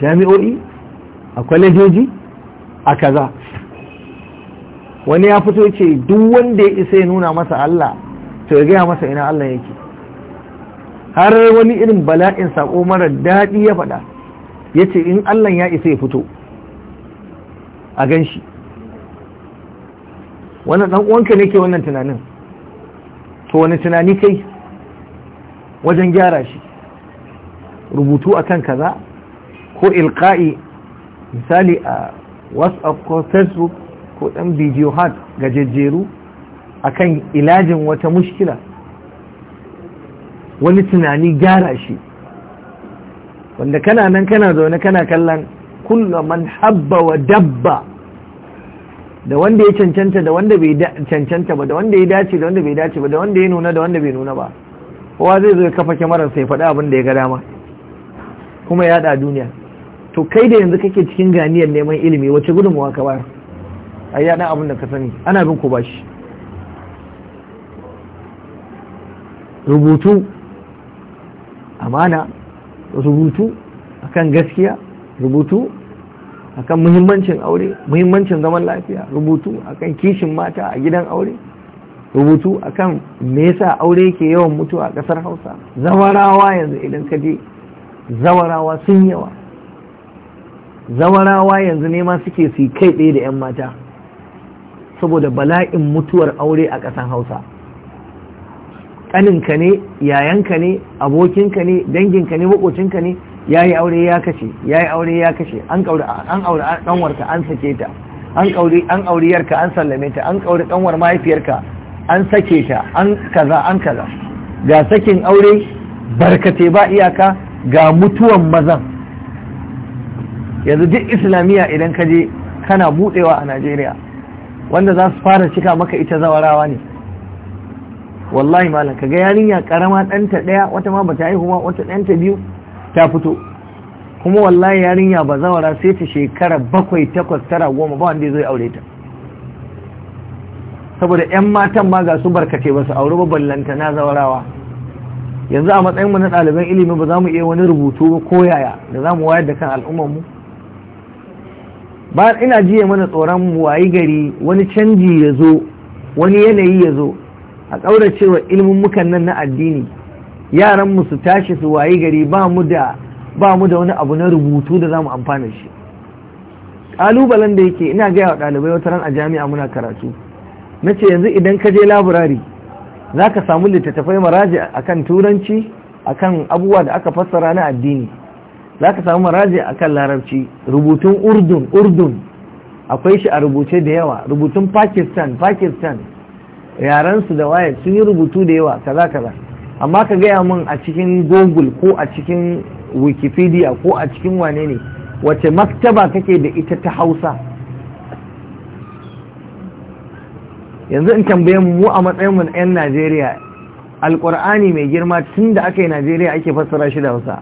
jami'o'i a kwalejoji a kaza wani ya fito ce duk wanda ya isa ya nuna masa Allah to ya gaya masa ina Allah yake har wani irin bala'in sako mara daɗi ya faɗa ya ce in Allah ya isa ya fito a gan shi wannan ɗan uwanka ne ke wannan tunanin to wani tunani kai wajen gyara shi rubutu a kan kaza ko ilka'i misali a whatsapp ko facebook ko ɗan bidiyo hat jejjeru akan ilajin wata mushkila wani tunani gyara shi wanda kana nan kana zaune kana kallon kulla man habba wa dabba da wanda ya cancanta da wanda bai cancanta ba da wanda ya dace da wanda bai dace ba da wanda ya nuna da wanda bai nuna ba kowa zai zo ya kafa kyamarar sai faɗa abin da ya ga dama kuma ya ɗa duniya to kai da yanzu kake cikin ganiyar neman ilimi wace gudunmawa ka bayar ai ya abin da ka sani ana bin ku bashi rubutu amana rubutu akan gaskiya rubutu akan muhimmancin aure muhimmancin zaman lafiya rubutu akan kishin mata a gidan aure rubutu akan me yasa aure ke yawan mutuwa a kasar Hausa zawarawa yanzu idan ka je zawarawa sun yawa zawarawa yanzu ne ma suke su kai ɗaya da 'yan mata saboda bala'in mutuwar aure a ƙasar Hausa ƙaninka ne yayanka ne abokinka ne danginka ne makocinka ne ya yi aure ya kashe ya yi aure ya kashe an an aure ɗanwarka an sake ta an ƙauri an auriyarka an sallame ta an aure ɗanwar mahaifiyarka an sake ta an kaza an kaza ga sakin aure barkate ba iyaka ga mutuwan mazan yanzu duk islamiyya idan ka je kana budewa a najeriya wanda za su fara cika maka ita zawarawa ne wallahi malam kaga yarinya karama ɗanta daya wata ma bata haihu ba wata ɗanta biyu ta fito kuma wallahi yarinya ba zawara sai ta shekara bakwai takwas tara goma ba wanda zai aure ta saboda 'yan matan ma ga su barkace ba su aure ba ballanta na zawarawa yanzu a matsayin mu na ɗaliban ilimi ba za mu iya wani rubutu ba ko yaya da za mu wayar da kan mu? ba ina jiya mana tsoron wayi gari wani canji ya zo wani yanayi ya zo a ƙauracewa ilimin mukan nan na addini yaran mu su tashi su wayi gari ba mu da ba mu da wani abu na rubutu da zamu amfana shi ƙalubalen da yake ina gaya wa ɗalibai wata ran a jami'a muna karatu na ce yanzu idan ka je laburari za ka samu littattafai maraji kan turanci a kan abubuwa da aka fassara na addini za ka samu maraji kan larabci rubutun urdun urdun akwai shi a rubuce da yawa rubutun pakistan pakistan yarensu da waye sun yi rubutu da yawa kaza kaza amma ka gaya min a cikin google ko a cikin wikipedia ko a cikin wane ne wace maktaba kake da ita ta hausa yanzu in tambaye mu a matsayin mu 'yan najeriya alkur'ani mai girma tun da aka yi najeriya ake fassara shi da hausa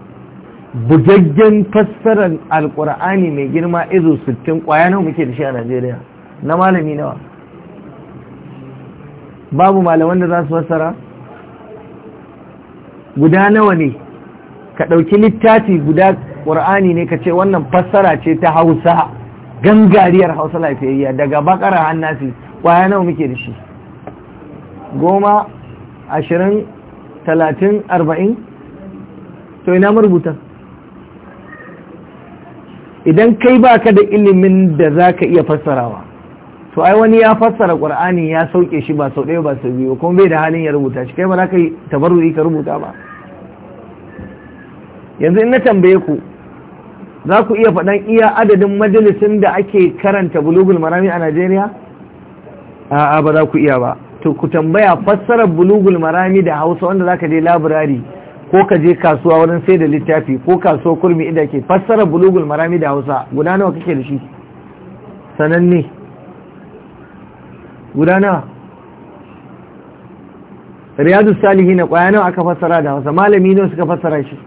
bugaggen fassarar alkur'ani mai girma izo 60 kwaya nawa muke da shi a najeriya na malami nawa babu malaman da za su fassara guda nawa ne ka ɗauki littafi guda ƙur'ani ne ka ce wannan fassara ce ta hausa gangariyar hausa lafiyayya daga bakara hannasi ƙwaya nawa muke da shi goma ashirin talatin arba'in to ina marubuta idan kai baka da ilimin da za ka iya fassarawa to ai wani ya fassara qur'ani ya sauke shi ba sau ɗaya ba sau biyu kuma bai da halin ya rubuta shi kai ba za ka yi tabarruri ka rubuta ba yanzu in na tambaye ku za ku iya faɗan iya adadin majalisin da ake karanta bulugul marami a Najeriya a'a ba za ku iya ba to ku tambaya fassarar bulugul marami da Hausa wanda za ka je labirari ko ka je kasuwa wurin sai da littafi ko kasuwa kurmi inda ke fassarar bulugul marami da Hausa guda nawa kake da shi sananne guda nawa riyadu salihi na kwaya nawa aka fassara da hausa malami nawa suka fassara shi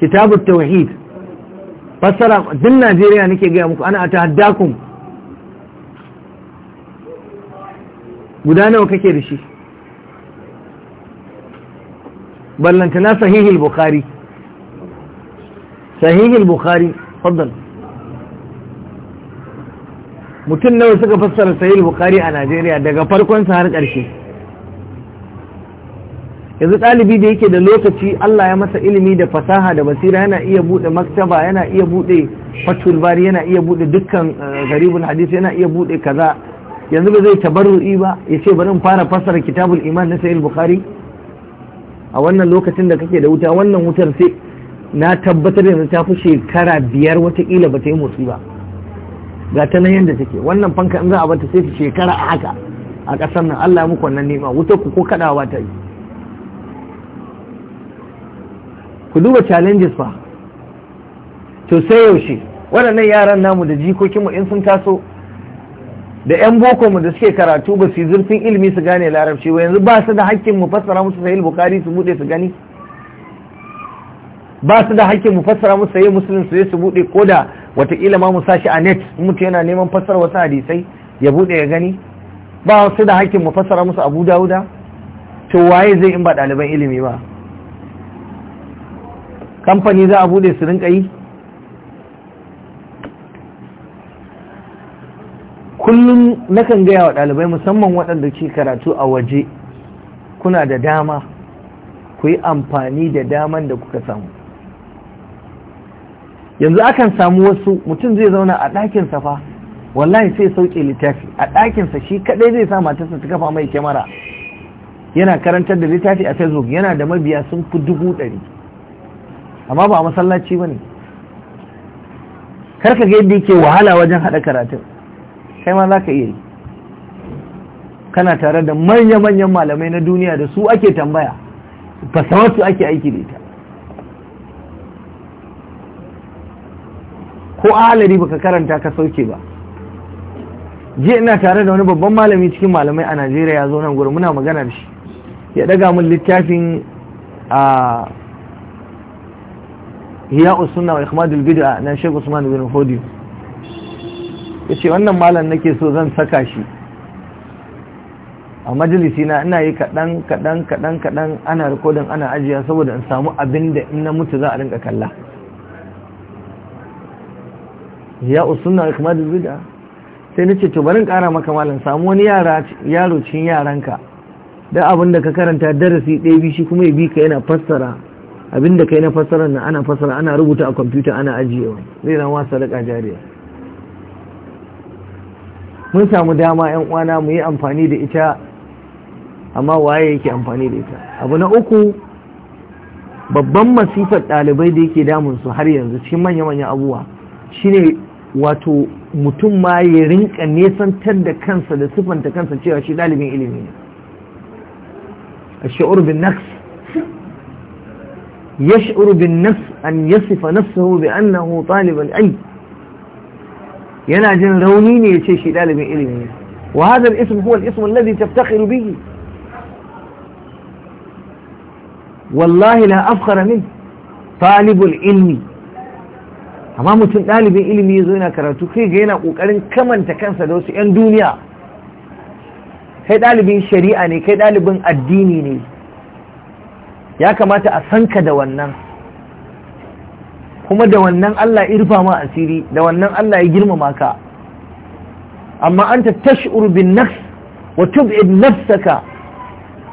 kitabu tawhid fassara din najeriya nake gaya muku ana ta haddakun guda nawa kake da shi ballantana sahihil bukhari Sahihil bukhari faddala mutum nawa suka fassara sahih bukari a najeriya daga farkon sa har karshe yanzu ɗalibi da yake da lokaci allah ya masa ilimi da fasaha da basira yana iya buɗe maktaba yana iya buɗe fatul bari yana iya buɗe dukkan eh, garibul hadis yana iya buɗe kaza yanzu ba zai tabarru'i ba ya ce bari in fara fassara kitabul iman na sahih bukari a wannan lokacin da kake da wuta wannan wutar sai na tabbatar yanzu ta fi shekara biyar watakila ba ta yi motsi ba ga ta nan yadda take wannan fanka in za a bata sai ta shekara a haka a ƙasar nan Allah ya muku wannan nema wutar ku ko kaɗawa ta yi ku duba challenges fa to sai yaushe waɗannan yaran namu da jikokinmu in sun taso da 'yan mu da suke karatu ba su yi zurfin ilimi su gane larabci ba yanzu ba su da hakkin mu fassara musu sahih bukari su bude su gani ba su da hakkin mu fassara musu sahih muslim su su bude ko da wataƙila ma mu sashi a net in mutum yana neman fassara wasu hadisai ya buɗe ya gani ba su da hakkin mu fassara musu abu dawuda to waye zai in ba ɗaliban ilimi ba kamfani za a buɗe su rinka yi kullum nakan gaya wa ɗalibai musamman waɗanda ke karatu a waje kuna da dama ku yi amfani da daman da kuka samu yanzu akan samu wasu mutum zai zauna a ɗakin sa fa wallahi sai sauke littafi a ɗakin sa shi kadai zai sa matarsa ta kafa mai kyamara yana karantar da littafi a facebook yana da mabiya sun fi dubu ɗari amma ba a masallaci ba ne karka ga yadda yake wahala wajen haɗa karatun kai ma za ka iya yi kana tare da manya-manyan malamai na duniya da su ake tambaya fasawar su ake aiki da ita ko a alari baka karanta ka sauke ba jiya ina tare da wani babban malami cikin malamai a najeriya ya zo nan gurin muna magana da shi ya daga min littafin a hiya usunna wa ikhmadul bid'a na Sheikh Usman bin Hudi yace wannan malam nake so zan saka shi a majalisi na ina yi kaɗan kaɗan kaɗan kaɗan ana rikodin ana ajiya saboda in samu abin da in na mutu za a rinka kalla ya usunna ikmadul bid'a sai nace to bari kara maka malam samu wani yara yaro cin yaranka da abin da ka karanta darasi ɗaya bi shi kuma ya bi ka yana fassara abin da kai na fassara na ana fassara ana rubuta a kwamfuta ana ajiyewa zai zama sadaka jariya mun samu dama yan uwana mu yi amfani da ita amma waye yake amfani da ita abu na uku babban masifar ɗalibai da yake damun su har yanzu cikin manya-manyan abubuwa shine wato mutum ma ya rinka nesantar da kansa da siffanta kansa cewa shi dalibin ilimi ne a sha'ur bin nafs يشعر بالنفس أن يصف نفسه بأنه طالب العلم يناجن رونيني يتشي طالب علمي وهذا الاسم هو الاسم الذي تفتخر به والله لا أفخر منه طالب العلم amma mutum ɗalibin ilimi ya zo yana karatu kai ga yana ƙoƙarin kamanta kansa da wasu 'yan duniya kai ɗalibin shari'a ne kai ɗalibin addini ne ya kamata a sanka da wannan kuma da wannan Allah irfa ma asiri da wannan Allah ya girmama ka amma anta tash'uru bin nafs wa tub'id nafsaka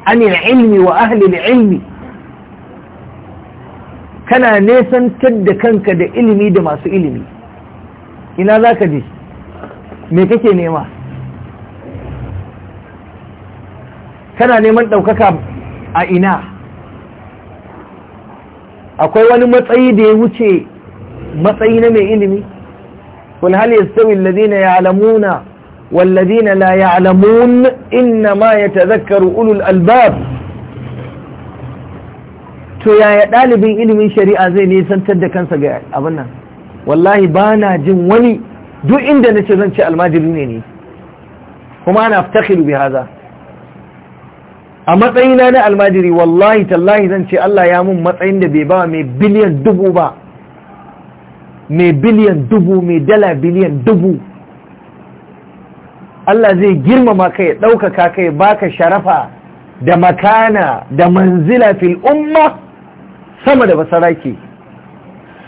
an ilmi wa ahli ilmi kana nesantar da kanka da ilimi da masu ilimi ina za ka je me kake nema kana neman ɗaukaka a ina akwai wani matsayi da ya wuce matsayi na mai ilimi kul hal yastawi alladhina ya'lamuna والذين لا يعلمون ya يتذكر أولو الألباب to yaya ɗalibin ilimin shari'a zai nisantar da kansa ga abin nan wallahi ba na jin wani duk inda na ce zan ce almajiri ne ne kuma ana aftakhiru bi haza a matsayina na almajiri wallahi tallahi zan ce Allah ya mun matsayin da bai ba mai biliyan dubu ba mai biliyan dubu mai dala biliyan dubu Allah zai girmama kai ɗaukaka kai baka sharafa da makana da manzila fil umma sama da basarake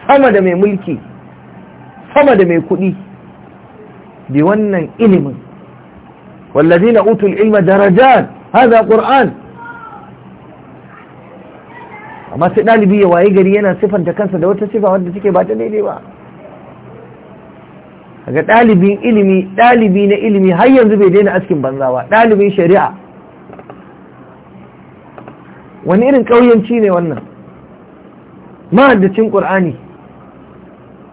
sama da mai mulki sama da mai kuɗi bi wannan ilimin na utul ilma darajat haza qur'an amma sai ɗalibi ya waye gari yana siffanta kansa da wata sifa wadda suke ba ta daidai ba ga ɗalibin ilimi ɗalibi na ilimi har yanzu bai daina askin banza ba ɗalibin shari'a wani irin ƙauyenci ne wannan mahaddacin ƙur'ani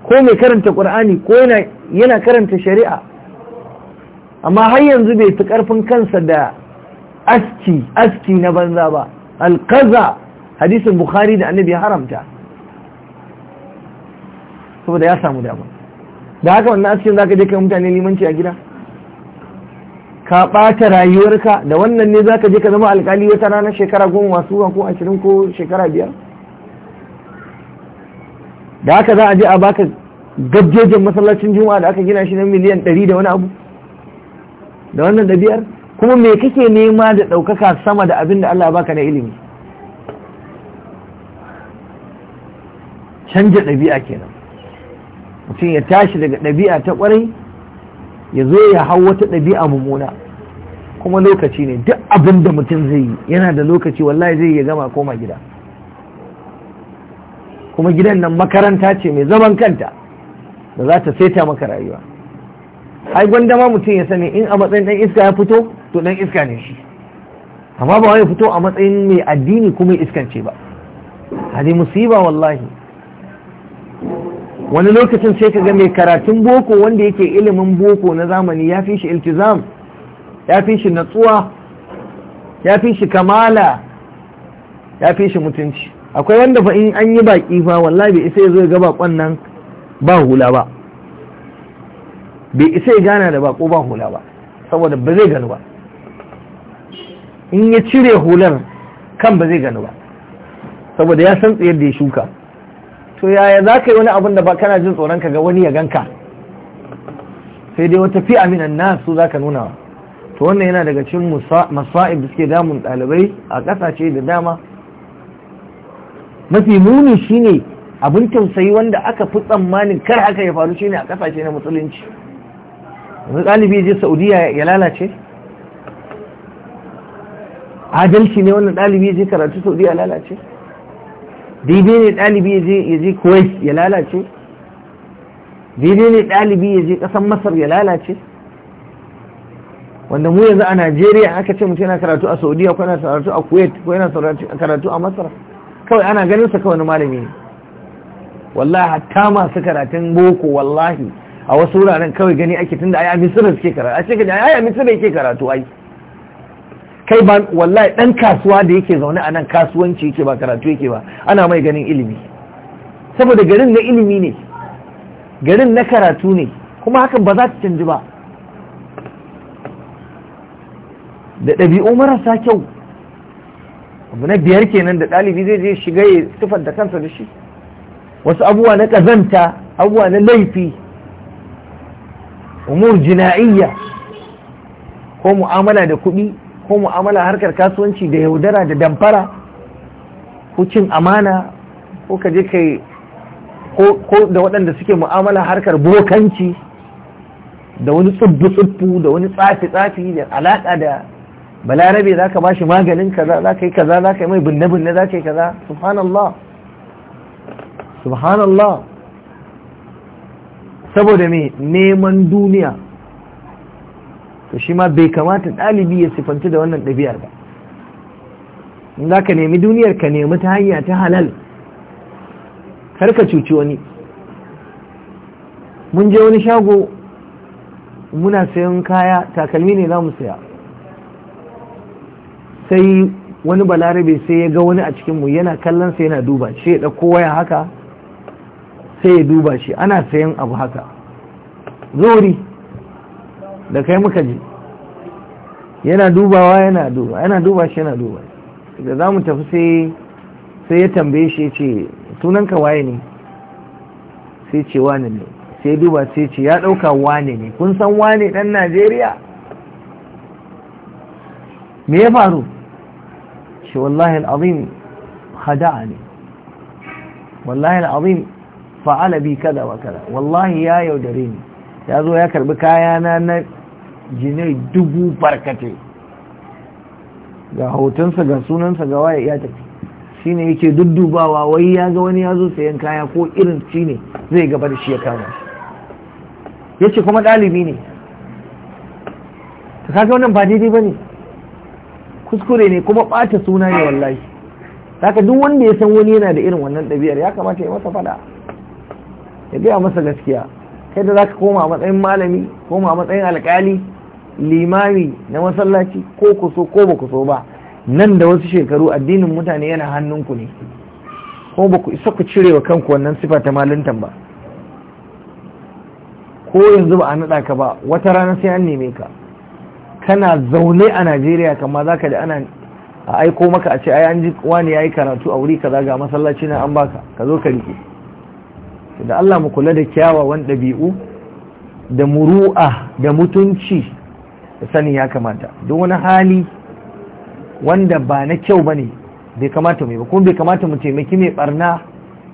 ko mai karanta ƙur'ani ko yana karanta shari'a amma har yanzu bai fi ƙarfin kansa da aski aski na banza ba alkaza hadisin bukhari da annabi haramta saboda ya samu dama da haka wannan askin zaka je kai mutane limanci a gida ka ɓata rayuwarka da wannan ne zaka je ka zama alkali wata rana shekara goma masu ko ashirin ko shekara biyar da haka za a je a baka gajejen masallacin juma'a da aka gina shi na miliyan ɗari da wani abu da wannan ɗabi'ar kuma me kake nema da ɗaukaka sama da abin da Allah ya baka na ilimi canja ɗabi'a kenan mutum ya tashi daga ɗabi'a ta ƙwarai ya zo ya hau wata ɗabi'a mummuna kuma lokaci ne duk abin da mutum zai yi yana da lokaci wallahi zai ya gama koma gida kuma gidan nan makaranta ce mai zaman kanta da za ta saita maka rayuwa ai gwanda ma mutum ya sani in a matsayin dan iska ya fito to dan iska ne shi amma ba wai fito a matsayin mai addini kuma iskance ba hadi musiba wallahi wani lokacin sai ka ga mai karatun boko wanda yake ilimin boko na zamani ya fi shi iltizam ya fi shi natsuwa ya fi shi kamala ya fi shi mutunci akwai wanda fa in an yi baki fa wallahi bai isa ya zo ya ga bakon nan ba hula ba bai isa ya gana da bako ba hula ba saboda ba zai gani ba in ya cire hular kan ba zai gani ba saboda ya san tsayar da ya shuka to yaya za ka yi wani abin da ba kana jin tsoron ka ga wani ya ganka sai dai wata fi aminan nasu za ka nuna to wannan yana daga cikin masa'ib da suke damun ɗalibai a ƙasashe da dama mafi muni shine abin tausayi wanda aka fi tsammanin kar haka ya faru shine a kasashe na musulunci yanzu ɗalibi je saudiya ya lalace adalci ne wannan ɗalibi je karatu saudiya ya lalace daidai ne ɗalibi ya je kuwait ya lalace daidai ne ɗalibi ya je ƙasar masar ya lalace wanda mu yanzu a najeriya aka ce mutum yana karatu a saudiya ko yana karatu a kuwait ko yana karatu a masar kawai ana ganin sa kawai malami ne wallahi hatta masu karatun boko wallahi a wasu wuraren kawai gani ake tunda ai a misira suke karatu a cikin ai a misira yake karatu ai kai ba wallahi dan kasuwa da yake zaune a nan kasuwanci yake ba karatu yake ba ana mai ganin ilimi saboda garin na ilimi ne garin na karatu ne kuma hakan ba za ta canji ba da ɗabi'u marasa kyau abu na biyar kenan da ɗalibi zai je shiga ya tufar da kansa da shi wasu abubuwa na ƙazanta abubuwa na laifi umur jina'iyya ko mu'amala da kuɗi ko mu'amala harkar kasuwanci da yaudara da damfara ko cin amana ko ka je kai ko da waɗanda suke mu'amala harkar bokanci da wani tsubbu-tsubbu da wani tsafi-tsafi da alaƙa da balarabe za ka ba shi maganin kaza za ka yi kaza za ka yi mai binne-binne za ka yi kaza subhanallah subhanallah saboda mai neman duniya to shi ma bai kamata ɗalibi ya sifanci da wannan ɗabi'ar ba za ka nemi duniyar ka nemi ta hanya ta halal kar ka cuci wani mun je wani shago muna sayan kaya takalmi ne za mu saya sai wani balarabe sai ya ga wani a cikinmu yana kallon sai yana duba shi ya ɗauko waya haka sai ya duba shi ana sayan abu haka zori da kai muka ji yana dubawa yana duba yana duba shi yana duba da za mu tafi sai sai ya tambaye shi ce sunanka waye ne sai ce wane ne sai duba sai ce ya ɗauka wane ne kun san wane ɗan najeriya me ya faru ce wallahi al'azim ne. wallahi al'azim fa'ala bi kada wa kada wallahi ya yaudare ni ya zo ya karbi kayana na jinai dubu barkate ga hotunsa ga sunansa ga waye ya tafi ne yake duddubawa wai ya ga wani ya zo sayan kaya ko irin shi ne zai gaba da shi ya kama shi ya ce kuma ɗalibi ne ta kaga wannan ba daidai ba ne kuskure ne kuma ɓata suna ne wallahi haka duk wanda ya san wani yana da irin wannan ɗabi'ar ya kamata ya masa fada ya gaya masa gaskiya kai da zaka koma a matsayin malami koma a matsayin alƙali, limami na masallaci ko ku so ko ba ku so ba nan da wasu shekaru addinin mutane yana hannunku ne ko ba ku isa ku cire wa kanku wannan sifa ta malintan ba ko yanzu ba a naɗa ka ba wata rana sai an neme ka kana zaune a najeriya kama za ka da ana a aiko maka a ce ai an ji wani ya yi karatu a wuri kaza ga masallaci na an baka ka zo ka rike da Allah mu kula da kyawawan ɗabi'u da muru'a da mutunci da sanin ya kamata duk wani hali wanda ba na kyau ba ne bai kamata mai ba kuma bai kamata mu taimaki mai barna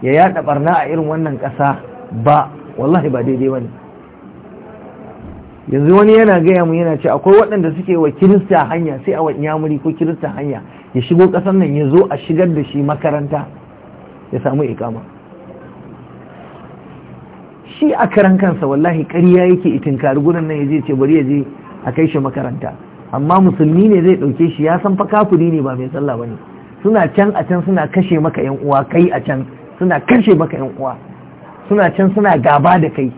ya yada barna a irin wannan ƙasa ba wallahi ba daidai ba ne yanzu wani yana gaya mu yana ce akwai waɗanda suke wa kirista hanya sai a yamuri ko kirista hanya ya shigo ƙasar nan ya zo a shigar da shi makaranta ya samu ikama shi a karan kansa wallahi ƙarya yake itinkari gurin nan ya je ce bari ya je a kai shi makaranta amma musulmi ne zai ɗauke shi ya san fa kafuri ne ba mai sallah ba ne. suna can a can suna kashe maka yan uwa kai a can suna kashe maka yan uwa suna can suna gaba da kai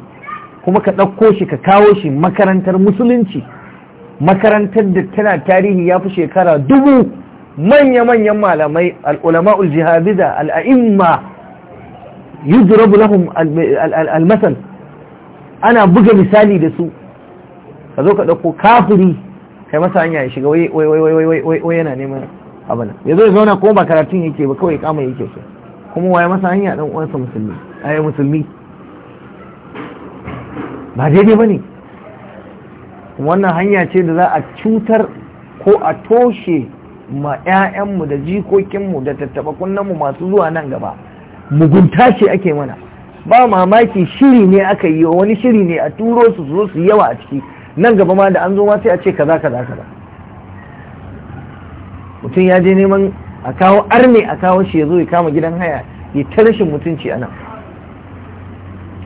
kuma ka ɗauko shi ka kawo shi makarantar musulunci makarantar da tana tarihi ya fi shekara dubu manya-manyan malamai al’ulama jihadiza al'a'imma yujrabu lahum al-masal ana buga misali da su ka zo ka ɗauko kafiri kai masa hanya ya shiga wai wai yana neman abana ya zo ya zauna kuma ba karatun yake ba kawai kama yake su kuma waye masa hanya ɗan uwansa musulmi ayi musulmi ba daidai ba ne wannan hanya ce da za a cutar ko a toshe ma 'ya'yanmu da jikokinmu da tattaɓa masu zuwa nan gaba mugunta ce ake mana ba mamaki shiri ne aka yi wani shiri ne a turo su zo su yawa a ciki nan gaba ma da an zo ma sai a ce kaza kaza kaza mutum ya je neman a kawo arne a kawo shi ya zo ya kama gidan haya ya ta rashin mutunci a nan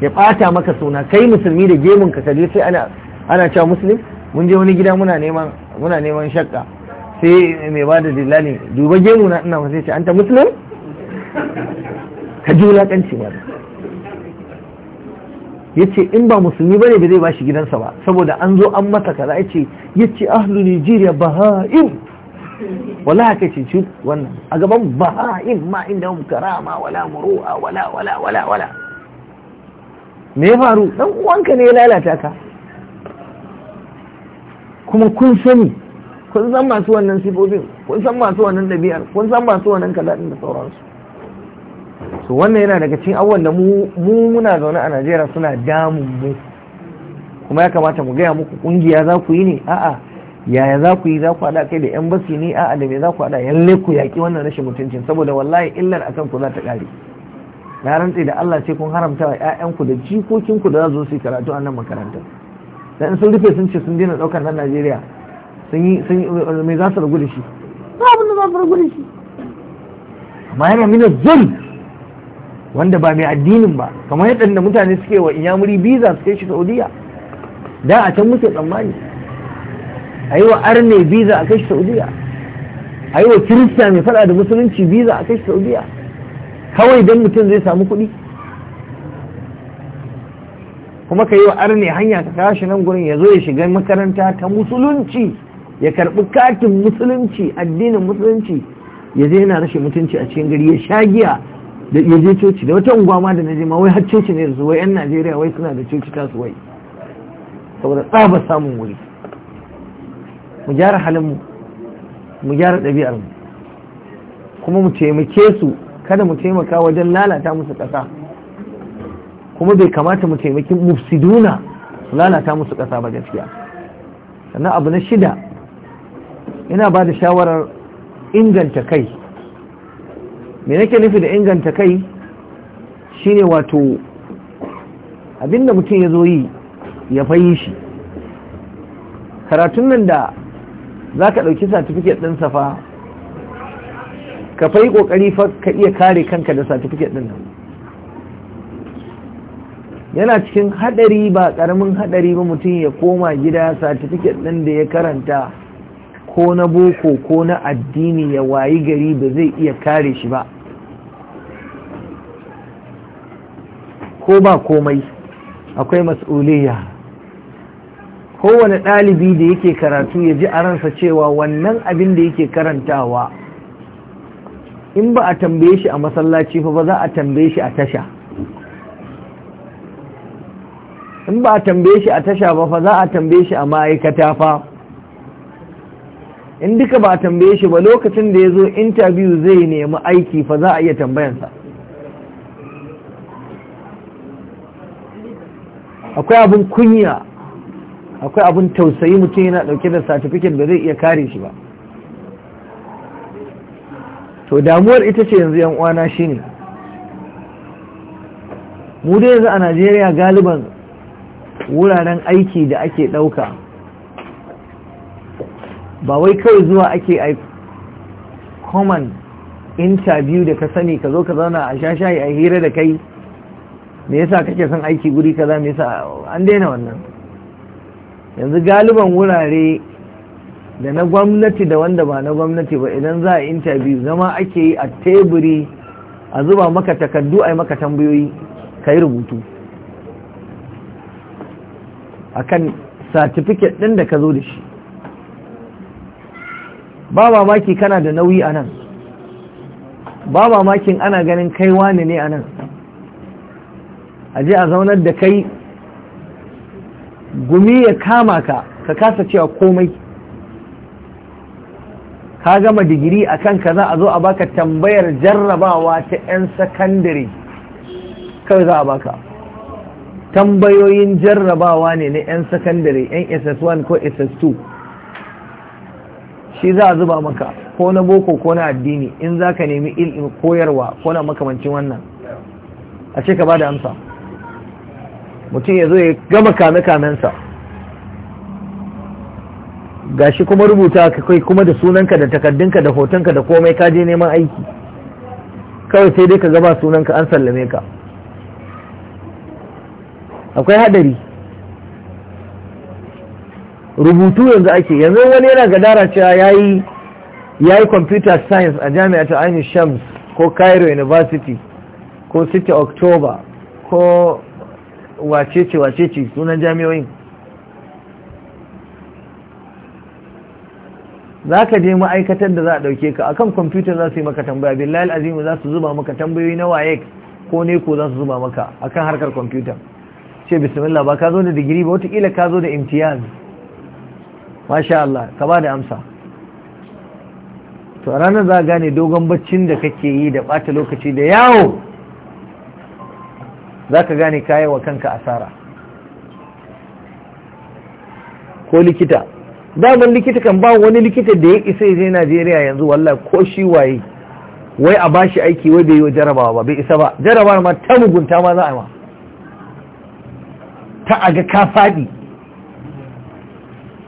ya ɓata maka suna kai musulmi da gemun ka kaje sai ana ana cewa muslim mun je wani gida muna neman muna neman shakka sai mai bada dillali duba gemu na ina sai ce anta muslim ka ji wulakanci ba ya ce in ba musulmi bane ba zai ba shi gidansa ba saboda an zo an masa kaza yace yace ya ahlu nigeria baha'im wala haka ce ci wannan a gaban baha'im ma inda karama wala muru'a wala wala wala wala me ya faru dan uwanka ne ya lalata ka kuma kun sani kun san masu wannan sifofin kun san masu wannan ɗabi'ar kun san masu wannan kazaɗin da sauransu so wannan yana daga cikin abubuwan da mu muna zaune a najeriya suna damun mu kuma ya kamata mu gaya muku kungiya za ku yi ne a'a yaya za ku yi za ku haɗa kai da yan basi ne a'a da me za ku haɗa yalle ku yaƙi wannan rashin mutuncin saboda wallahi illar akan ku za ta ƙare ya rantse da Allah sai kun haramta wa ƴaƴanku da jikokinku da za su yi karatu a nan makaranta da in sun rufe sun ce sun daina ɗaukar nan Najeriya sun yi sun yi me za su rugu da shi ba abin da za su rugu da shi amma yana mina zul wanda ba mai addinin ba kamar yadda da mutane suke wa inyamuri biza su kai shi Saudiya da a can muke tsammani a yi wa arne biza a kai shi Saudiya a yi wa kirista mai faɗa da musulunci biza a kai shi Saudiya kawai don mutum zai samu kuɗi kuma ka yi wa arne hanya ka kashi nan gurin ya zo ya shiga makaranta ta musulunci ya karɓi katin musulunci addinin musulunci ya je yana rashin mutunci a cikin gari ya sha giya da ya je coci da wata unguwa ma da na je ma wai har coci ne da su wai yan najeriya wai suna da coci ta su wai saboda tsaba samun wuri mu gyara halin mu mu gyara ɗabi'ar mu kuma mu taimake su kada mu taimaka wajen lalata musu ƙasa kuma bai kamata mu taimaki mufsiduna su lalata musu ƙasa ba gaskiya sannan abu na shida ina ba da shawarar inganta kai me nake nufi da inganta kai shine wato abinda mutum ya zo yi ya fayi shi karatun nan da za ka ɗauki satifiket ɗin safa ka fai kokari fa ka iya kare kanka da satifiket din nan yana cikin hadari ba karamin hadari ba mutum ya koma gida satifiket din da ya karanta ko na boko ko na addini ya wayi gari ba zai iya kare shi ba ko ba komai akwai mas'uliyya kowane ɗalibi da yake karatu ya ji a ransa cewa wannan abin da yake karantawa in ba a tambaye shi a masallaci fa ba za a tambaye shi a tasha in ba a tambaye shi a tasha ba fa za a tambaye shi a ma'aikata fa in duka ba a tambaye shi ba lokacin da ya zo intabiyu zai nemi aiki fa za a iya tambayansa akwai abin kunya akwai abin tausayi mutum yana dauke da satifiket ba zai iya kare shi ba to damuwar ita ce yanzu yan uwana shine mu da yanzu a najeriya galiban wuraren aiki da ake ɗauka ba wai kawai zuwa ake a common interview da ka sani ka zo ka zauna a shashayi a hira da kai me yasa kake son aiki guri kaza me yasa an daina wannan yanzu galiban wurare da na gwamnati da wanda ba na gwamnati ba idan za a interview zama ake yi a teburi a zuba maka takardu a yi maka tambayoyi ka yi rubutu A kan satifiket ɗin da ka zo da shi ba mamaki kana da nauyi a nan ba mamakin ana ganin kai wani ne a nan a je a zaunar da kai gumi ya kama ka ka kasa cewa komai ka gama digiri a kan ka za a zo a baka tambayar jarrabawa ta 'yan sakandare kawai za a baka tambayoyin jarrabawa ne na 'yan sakandare 'yan ss1 ko ss2 shi za a zuba maka ko na boko ko na addini in za ka nemi ilimin koyarwa ko na makamancin wannan a ce ka ba da amsa mutum ya zo ya gama kame-kamensa gashi kuma rubuta ka kai kuma da sunanka da takardunka da hotonka da komai ka je neman aiki kawai sai dai ka gaba sunanka an sallame ka akwai hadari rubutu yanzu ake yanzu wani yana gadara cewa yayi yayi computer science a ta Ainu Shams ko Cairo University ko City October ko wacece wacece sunan jami'oyin za ka je ma'aikatar da za a ɗauke ka akan kwamfutar za su yi maka tambaya billahi azimu za su zuba maka tambayoyi na waye ko ne ko za su zuba maka akan harkar kwamfuta ce bismillah ba ka zo da digiri ba watakila ka zo da imtiyaz masha Allah ka ba da amsa to ranar za a gane dogon baccin da kake yi da bata lokaci da yawo za ka gane kayan wa kanka asara ko likita daman likita kan ba wani likita da ya isa ya je Najeriya yanzu wallahi ko shi waye wai a bashi aiki wai bai yi jarabawa ba bai isa ba jarabawar ma ta mugunta ma za a ma ta aga ka faɗi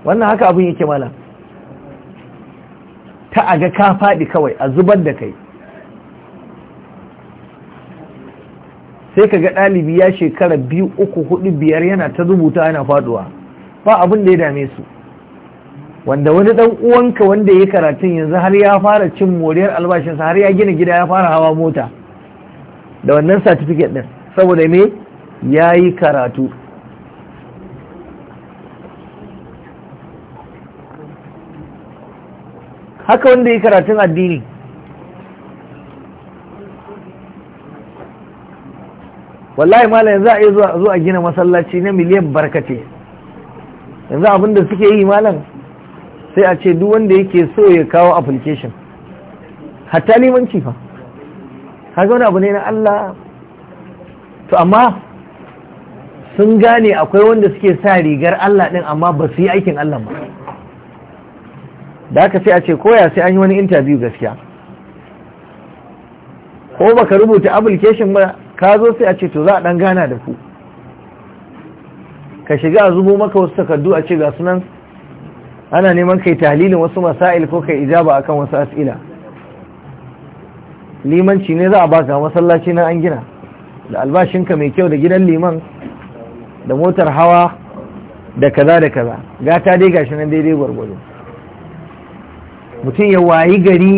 wannan haka abin yake malam ta aga ka faɗi kawai a zubar da kai sai ka ga ɗalibi ya shekara biyu uku hudu biyar yana ta zubuta yana faduwa ba abin da ya dame su wanda wani dan uwanka wanda ya karatun yanzu har ya fara cin moriyar albashinsa har ya gina gida ya fara hawa mota da wannan certificate din saboda me ya yi karatu haka wanda ya karatun addini wallahi mala yanzu a yi zuwa gina masallaci na miliyan barkace yanzu abinda suke yi malam sai a ce duk wanda yake so ya kawo application hatta limanci fa haka wani abu ne na Allah to amma sun gane akwai wanda suke sa rigar Allah din amma ba su yi aikin Allah ba da haka sai a ce koya sai an yi wani interview gaskiya ko baka rubuta application ba ka zo sai a ce to za a dan gana da ku ka shiga a zubo maka wasu takardu a ce ga sunan ana neman kai tahlilin wasu masail ko kai ijaba akan wasu as'ila limanci ne za a baka masallaci na an gina da albashinka mai kyau da gidan liman da motar hawa da kaza da kaza gata dai gashi nan daidai gwargwado mutum ya wayi gari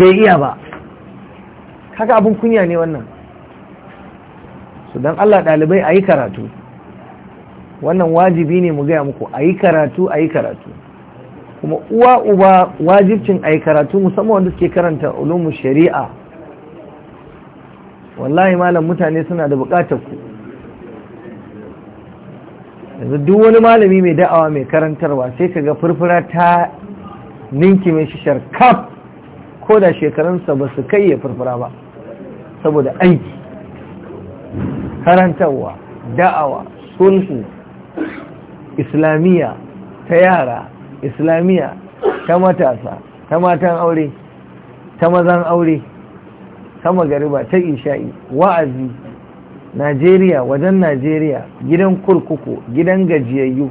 bai iya ba haka abin kunya ne wannan su don allah ɗalibai a yi karatu wannan wajibi ne mu gaya muku ayi karatu a karatu kuma uwa uba wajibcin a yi karatu musamman wanda suke karanta ulumu shari'a wallahi malam mutane suna da bukatar ku yanzu duk wani malami mai da'awa mai karantarwa sai ka ga furfura ta ninki mai shishar kaf ko da shekarunsa ba su kai ya furfura ba saboda aiki karantarwa da'awa sulhu islamiyya ta yara islamiyya ta matasa ta matan aure ta mazan aure ta magariba ta isha'i wa'azi najeriya wajen najeriya gidan kurkuku gidan gajiyayyu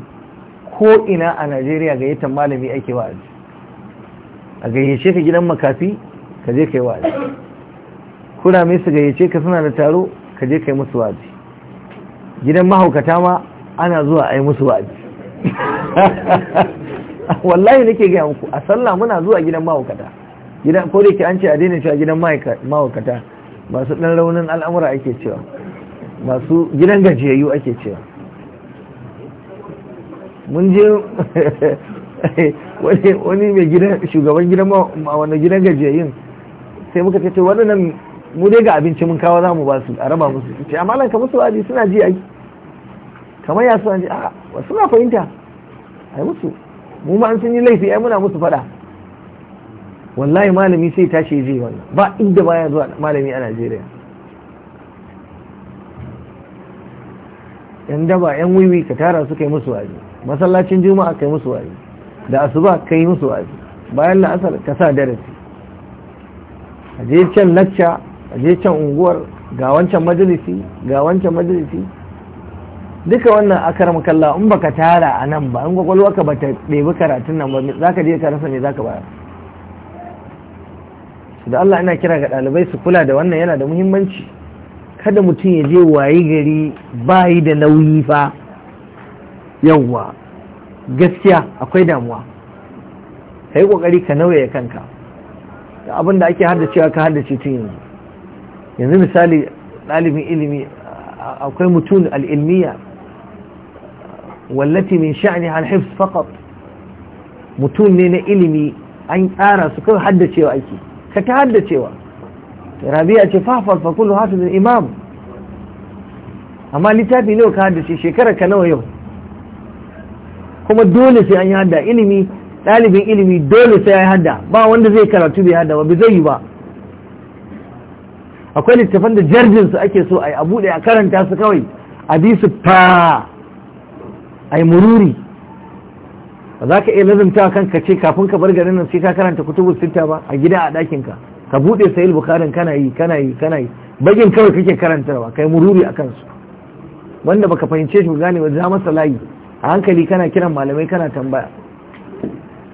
ko ina a najeriya gayyatar malami ake wa'azi a gayyace ka gidan makafi ka je ka yi wa'azi mai su gayyace ka suna da taro ka je ka yi musu wa'azi gidan mahaukata ma ana zuwa a yi musu wa'azi [laughs] wallahi nake gaya muku a sallah muna zuwa gidan mahaukata gidan ko da ke an ce a daina cewa gidan mahaukata masu ɗan raunin al'amura ake cewa masu gidan gajiyayyu ake cewa mun je [laughs] wani mai gidan shugaban gidan wani gidan gajiyayyun sai muka ce waɗannan mu dai ga abinci mun kawo za mu ba su a raba musu ce amma lanka musu wa'azi suna ji ai kamar ya suna ji a wasu na fahimta yi musu mu ma an sun yi laifi ai muna musu faɗa wallahi malami sai tashi zai wannan ba inda baya zuwa malami a Najeriya yan daba yan wiwi ka tara su kai musu waje masallacin juma'a kai musu waje da asuba kai musu waje bayan la'asar ka sa darasi a je can lacca a je can unguwar ga wancan majalisi ga wancan majalisi duka wannan akar kalla in baka tara a nan ba in kwakwalwarka ba ta ɗebi karatun nan ba za ka je ka rasa me za ka bayar da Allah ina kira ga ɗalibai su kula da wannan yana da muhimmanci kada mutum ya je wayi gari bayi da nauyi fa yawwa gaskiya akwai damuwa ka yi ƙoƙari ka nauye kanka da abin da ake haddacewa ka haddace tun yanzu yanzu misali ɗalibin ilimi akwai mutum al'ilmiya wallati min sha'niha al-hifz ne na ilimi an tsara su haddacewa ake ka ta haddacewa rabi'a ce fahfal fa kullu hafizun imam amma littafi nawa ka haddace shekarar ka nawa yau kuma dole sai an yi hadda ilimi ɗalibin ilimi dole sai hadda ba wanda zai karatu bai hadda ba zai yi ba akwai littafin da su ake so a yi a buɗe a karanta su kawai a bi su ai mururi ba za ka iya lazumta kanka ce kafin ka bar garin nan sai ka karanta kutubu sitta ba a gida a ɗakin ka ka buɗe sayil bukarin kana yi kana yi kana yi bagin kawai kake karantarwa kai mururi a kansu wanda baka fahimce shi gane ba za masa layi a hankali kana kiran malamai kana tambaya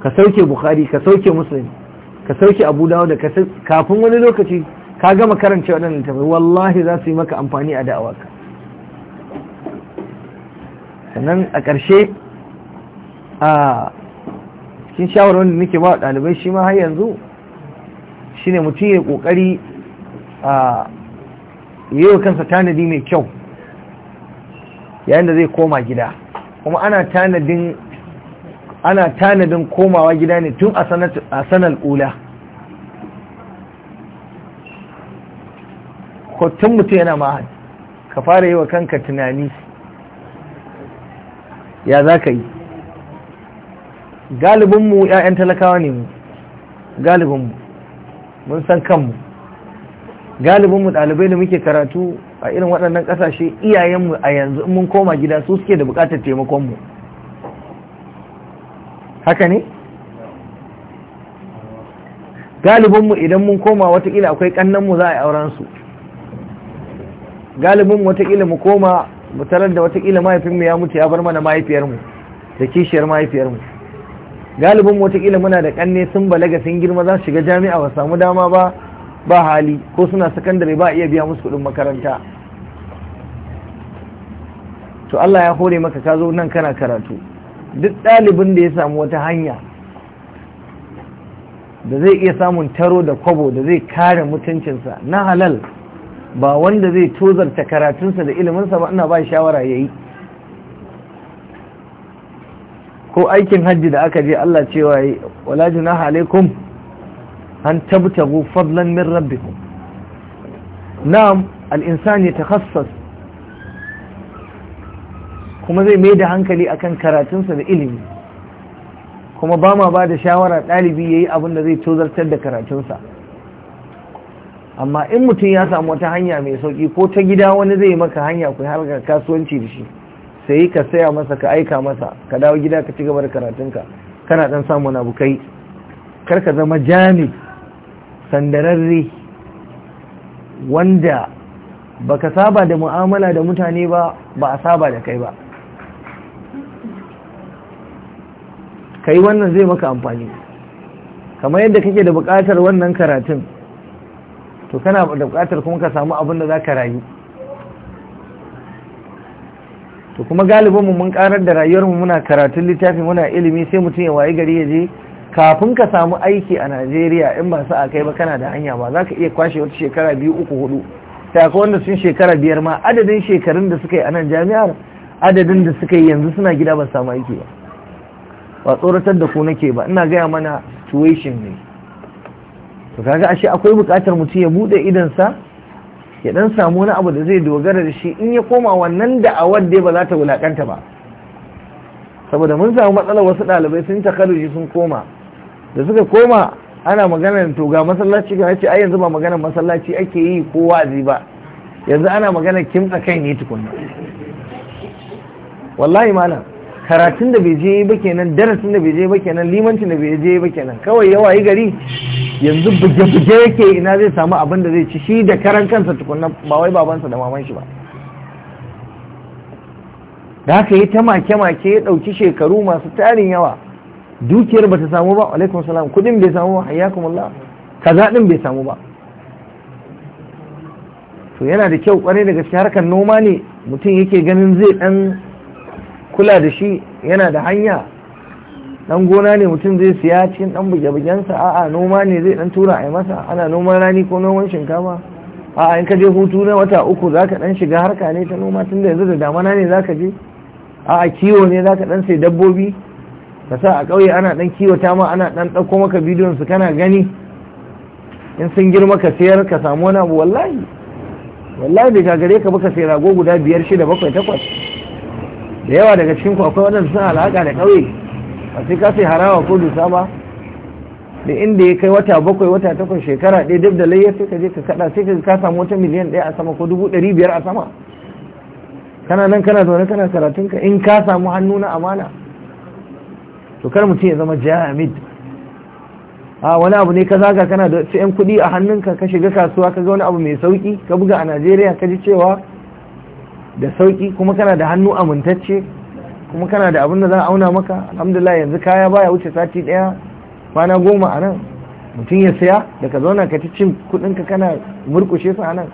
ka sauke bukhari ka sauke muslim ka sauke abu dawo da kafin wani lokaci ka gama karanta waɗannan tambayi wallahi za su yi maka amfani a da'awarka sannan a ƙarshe a cikin shawarwar da nake ba ɗalibai shi ma har yanzu shi ne mutum ya ƙoƙari a yi wa kansa tanadi mai kyau yayin da zai koma gida kuma ana tanadin komawa gida ne tun a sanar ula ko mutum yana ma'ad ka fara yi wa kanka tunani ya za ka yi galibinmu 'ya'yan talakawa ne mu galibinmu mun san kanmu galibinmu ɗalibai da muke karatu a irin waɗannan ƙasashe iyayenmu a yanzu mun koma gida su suke da buƙatar taimakonmu haka ne galibinmu idan mun koma watakila akwai ƙannanmu za a yi aurensu galibinmu watakila mu koma mu da watakila mahaifinmu ya mutu ya bar mana mahaifiyarmu da kishiyar mahaifiyarmu galibin watakila muna da kanne sun balaga sun girma za su shiga jami'a ba samu dama ba ba hali ko suna sakandare ba iya biya musu kuɗin makaranta to Allah ya hore maka ka zo nan kana karatu duk ɗalibin da ya samu wata hanya da zai iya samun taro da kwabo da zai kare mutuncinsa na halal ba wanda zai tozarta karatunsa da iliminsa ba ina ba shawara ya yi ko aikin hajji da aka je Allah cewa yi walaji na alaikum an tabtagu fadlan min rabbikum na'am al ta hassas kuma zai mai da hankali akan karatunsa da ilimi kuma ba ma ba da shawara ɗalibi ya yi abin da zai tozartar da karatunsa amma in mutum ya samu wata hanya mai sauki ko ta gida wani zai maka hanya ku harkar kasuwanci da shi sai ka saya masa ka aika masa ka dawo gida ka ci gaba da karatunka kana dan samun na bukai kar ka zama jami sandararre wanda baka saba da mu'amala da mutane ba ba a saba da kai ba kai wannan zai maka amfani kamar yadda kake da buƙatar wannan karatun to kana da bukatar kuma ka samu abin da za ka rayu to kuma galibinmu mun karar da rayuwarmu muna karatun littafi muna ilimi sai mutum ya wayi gari ya je kafin ka samu aiki a najeriya in ba su a kai ba kana da hanya ba za ka iya kwashe wata shekara biyu uku hudu ta wanda sun shekara biyar ma adadin shekarun da suka yi a nan jami'ar adadin da suka yi yanzu suna gida ba samu aiki ba ba tsoratar da ku nake ba ina gaya mana tuition ne to kaga ashe akwai bukatar mutum ya bude idansa ya dan samu wani abu da zai dogara da shi in ya koma wannan da'awar dai ba za ta wulakanta ba saboda mun samu matsalar wasu ɗalibai sun takarruji sun koma da suka koma ana magana to ga masallaci ga ce ai yanzu ba maganar masallaci ake yi ko wazi ba yanzu ana magana kimtsa kai ne tukunna wallahi malam karatun da bai je ba kenan darasin da bai je ba kenan limancin da bai je ba kenan kawai yawa yi gari yanzu buge-buge yake ina zai samu abin da zai ci shi da karan kansa tukunan ba wai babansa da maman shi ba da haka yi ta make-make ya ɗauki shekaru masu tarin yawa dukiyar ba ta samu ba alaikum salam kudin bai samu ba hayyakum kaza din bai samu ba to yana da kyau kwarai da gaske harkar noma ne mutum yake ganin zai dan kula da shi yana da hanya dan gona ne mutum zai siya cikin dan buge-bugensa a'a noma ne zai dan tura a masa ana noman rani ko noman shinkafa a'a in ka je hutu na wata uku zaka dan shiga harka ne ta noma tun da yanzu da damana ne ka je a'a kiwo ne zaka dan sai dabbobi ka sa a ƙauye ana dan kiwata ma ana dan ɗauko maka bidiyon su kana gani in sun girma ka sayar ka samu wani abu wallahi wallahi da gagare ka ba ka sai rago guda biyar shida bakwai takwas da yawa daga cikin ku akwai wadanda suna alaƙa da ƙauye a sai ka sai harawa ko dusa ba da inda ya kai wata bakwai wata takwas shekara ɗaya duk da layyar sai ka je ka kaɗa sai ka ka samu wata miliyan ɗaya a sama ko dubu ɗari biyar a sama kana nan kana zaune kana karatunka in ka samu hannu na amana to kar mutum ya zama jami'id a wani abu ne ka zaga kana da yan kuɗi a hannunka ka shiga kasuwa ka ga wani abu mai sauki ka buga a najeriya ka ji cewa da sauki kuma kana da hannu amintacce kuma kana da abin da za a auna maka alhamdulillah yanzu kaya baya wuce sati daya kwana goma a nan mutum ya saya da ka zauna ka ci cin ka kana murkushe su a nan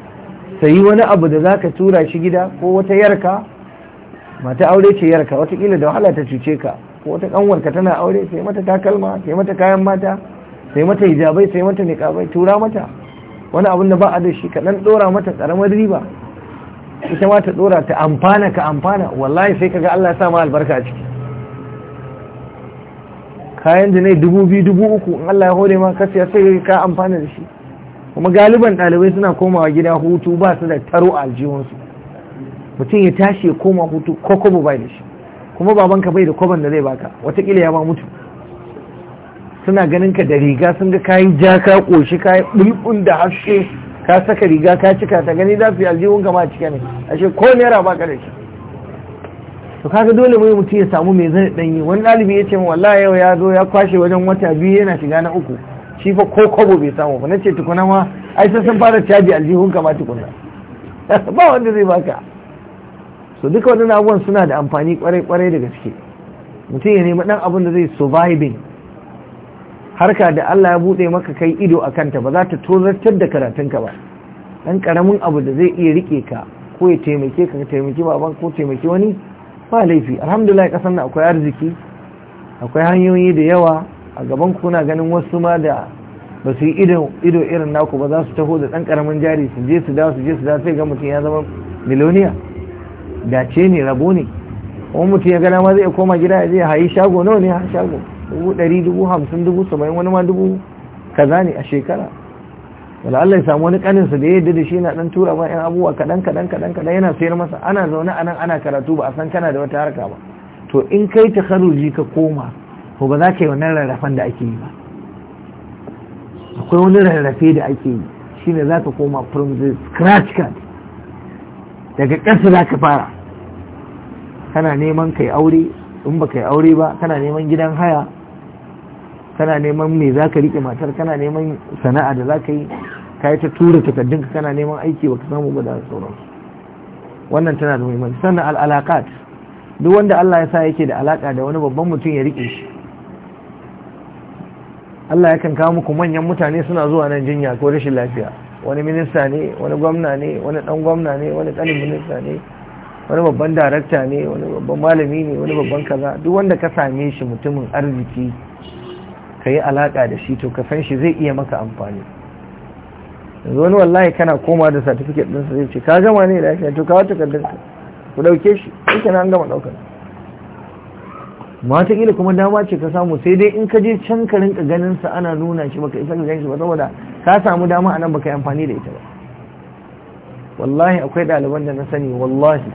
sayi wani abu da za ka tura shi gida ko wata yarka mata aure ce yarka watakila da wahala ta cuce ka ko wata ka tana aure sai mata takalma sai mata kayan mata sai mata hijabai sai mata niƙabai tura mata wani abin da ba a da shi ka ɗan ɗora mata karamar riba ita ma ta dora ta amfana ka amfana wallahi sai kaga Allah ya sa ma albarka a ciki kayan da ne dubu biyu dubu uku in Allah ya hore ma ka siya sai ka amfana da shi kuma galiban ɗalibai suna komawa gida hutu ba su da taro a aljihunsu mutum ya tashi ya koma hutu ko kobo bai da shi kuma babanka bai da koban da zai baka watakila ya ba mutu suna ganin ka da riga sun ga kayi ja ka koshi kayi bulbul da haske ka saka riga ka cika ta gani za su yi aljihun gama cika ne A shi ko naira ba ka da shi to kaga dole mai mutu ya samu mai zai danyi wani ɗalibi ya ce min wallahi yau ya zo ya kwashe wajen wata biyu yana shiga na uku shi fa ko kobo bai samu ba nace tukuna ma ai sai sun fara caji aljihun gama tukuna [laughs] ba wanda zai baka so duka wannan abubuwan suna da amfani kwarai kwarai daga gaske mutum ya nemi dan abin da zai surviving harka da Allah ya buɗe maka kai ido a kanta ba za ta tozartar da karatunka ba ɗan ƙaramin abu da zai iya rike ka ko ya taimake ka taimaki baban ko taimaki wani ba laifi alhamdulillah ƙasar na akwai arziki akwai hanyoyi da yawa a gaban ku kuna ganin wasu ma da ba su yi ido irin naku ba za su taho da ɗan ƙaramin jari su je su dawo su je su dawo sai ga mutum ya zama miloniya dace ne rabo ne kuma mutum ya gana ma zai koma gida ya je ya hayi shago nawa ne ha shago dubu wani ma dubu kaza ne a shekara wala Allah ya samu wani kaninsa da ya yadda da shi yana dan tura ma yan abubuwa kaɗan kaɗan kaɗan kaɗan yana sayar masa ana zaune a nan ana karatu ba a san kana da wata harka ba to in kai ta kharuji ka koma ko ba za ka yi wannan rarrafan da ake yi ba akwai wani rarrafe da ake yi shine za ka koma from the scratch card daga ƙasa za ka fara kana neman kai aure in ba kai aure ba kana neman gidan haya kana neman me za ka riƙe matar kana neman sana'a da za ka yi ka yi ta tura Ka kana neman aiki ba ka samu ba da sauransu wannan tana da muhimmanci sannan al'alaƙat duk wanda Allah ya sa yake da alaƙa da wani babban mutum ya riƙe shi Allah ya kan kawo muku manyan mutane suna zuwa nan jinya ko rashin lafiya wani minista ne wani gwamna ne wani ɗan gwamna ne wani ɗanin minista ne wani babban darakta ne wani babban malami ne wani babban kaza duk wanda ka same shi mutumin arziki ka yi alaƙa da shi to ka san shi zai iya maka amfani yanzu wani wallahi kana koma da certificate ɗin sa zai ce ka gama ne da shi to ka wata kaddar ka ku dauke shi yake na an gama daukar mata kila kuma dama ce ka samu sai dai in ka je can ka rinka ganin sa ana nuna shi baka isa ka gani shi ba saboda ka samu dama anan baka yi amfani da ita ba wallahi akwai ɗaliban da na sani wallahi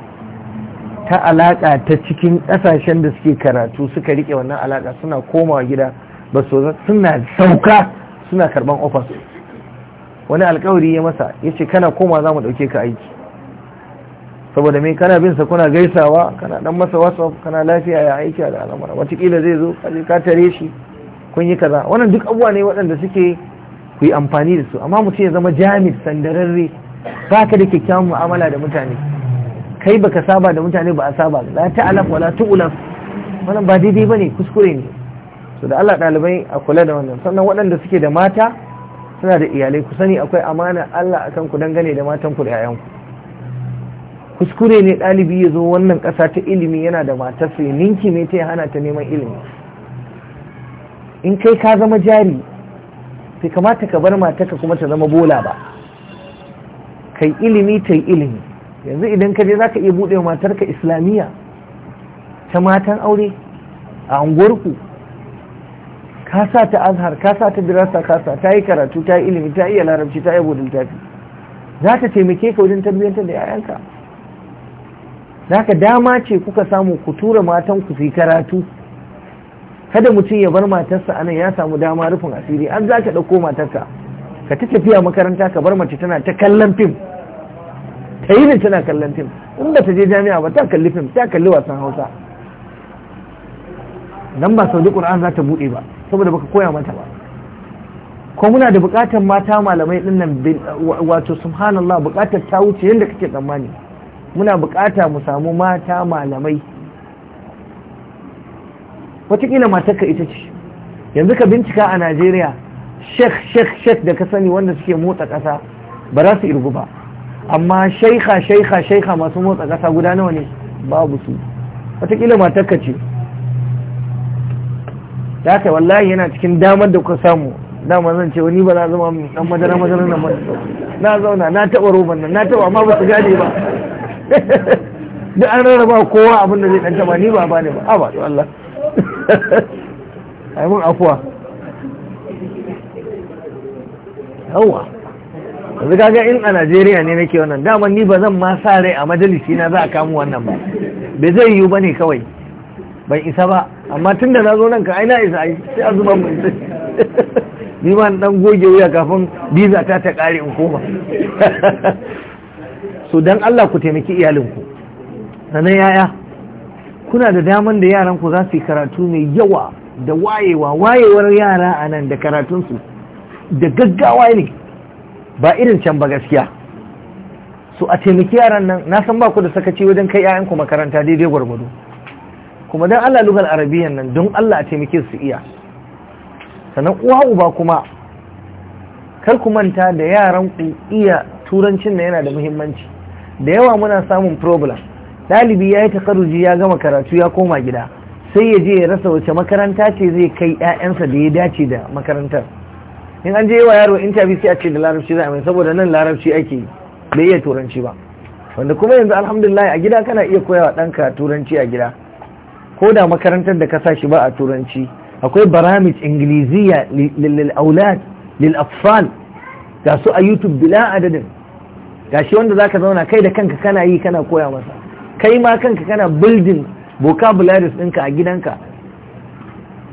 ta alaƙa ta cikin ƙasashen da suke karatu suka riƙe wannan alaƙa suna komawa gida ba su suna sauka suna karban ofas wani alkawari ya masa ya ce kana koma za mu ɗauke ka aiki saboda mai kana binsa kuna gaisawa kana dan masa wasu kana lafiya ya aiki da al'amura watakila zai zo ka tare shi kun yi kaza wannan duk abuwa ne waɗanda suke ku yi amfani da su amma mutum ya zama jami'in sandararre ba ka da kyakkyawan mu'amala da mutane kai baka saba da mutane ba a saba la ta'alaf wala tu'laf wannan ba daidai bane kuskure ne so da Allah ɗalibai a kula da wannan sannan waɗanda suke da mata suna da iyalai ku sani akwai amana Allah akan ku dangane da matan ku da yayan ku kuskure ne ɗalibi ya zo wannan ƙasa ta ilimi yana da matarsa ya ninki ne ta hana ta neman ilimi in kai ka zama jari sai kamata ka bar matarka kuma ta zama bola ba kai ilimi ta ilimi yanzu idan ka je za ka iya buɗe matarka islamiyya ta matan aure a unguwarku ka sa ta azhar ka sa ta Birasa, ka sa ta yi karatu ta yi ilimi ta iya larabci ta yi gudun tafi za ta taimake ka wajen tarbiyyantar da 'ya'yanka ka dama ce kuka samu ku tura matan ku yi karatu kada mutum ya bar matarsa anan ya samu dama rufin asiri an za ka ɗauko matarka ka ta tafiya makaranta ka bar mace tana ta kallon fim ta yi tana kallon fim in ba ta je jami'a ba ta kalli fim ta kalli wasan hausa nan ba Sa'udu ƙur'an za ta buɗe ba saboda baka koya mata ba ko muna da bukatar mata malamai din nan wato subhanallah bukatar ta wuce yadda kake tsammani muna bukata mu samu mata malamai wataƙila matarka ita ce yanzu ka bincika a najeriya shek shek shek da ka sani wanda suke motsa ƙasa ba za su irgu ba amma shaikha shaika shaika masu motsa ƙasa guda nawa ne babu su wataƙila matarka ce da haka wallahi yana cikin damar da kuka samu dama zan ce wani ba na zama dan madara madara na madara na zauna na taba roban nan na taba amma ba su gane ba [laughs] duk an rarraba kowa abin da zai dan taba ni ba ba ne ba a ba to Allah [laughs] ai mun afuwa yawa yanzu kaga in a Najeriya ne nake wannan dama ni ba zan ma sa rai a majalisi na za a kamu wannan ba bai zai yiwu bane kawai bai isa ba amma tun da na zo nan ka aina isa ai sai a zuba mai sai ni ma dan goge wuya kafin biza ta ta kare in koma so dan Allah ku taimaki iyalinku sanan yaya kuna da daman da yaran ku za su yi karatu mai yawa da wayewa wayewar yara a nan da karatunsu da gaggawa ne ba irin can ba gaskiya so a taimaki yaran nan na san ba ku da sakaci wajen kai 'ya'yanku makaranta daidai gwargwado kuma dan Allah lugar arabiyan nan don Allah a taimake su iya sannan uwa uba kuma kar ku manta da yaran ku iya turancin na yana da muhimmanci da yawa muna samun problem ɗalibi ya yi takaruji ya gama karatu ya koma gida sai ya je ya rasa wace makaranta ce zai kai 'ya'yansa da ya dace da makarantar in an je yawa yaro interview sai a ce da larabci za a mai saboda nan larabci ake bai iya turanci ba wanda kuma yanzu alhamdulillah a gida kana iya koyawa ɗanka turanci a gida ko da makarantar da ka sa shi ba a turanci akwai baramij ingiliziya lil aulad lil ga su a youtube bila adadin ga shi wanda zaka zauna kai da kanka kana yi kana koya masa kai ma kanka kana building vocabularies ɗinka a gidanka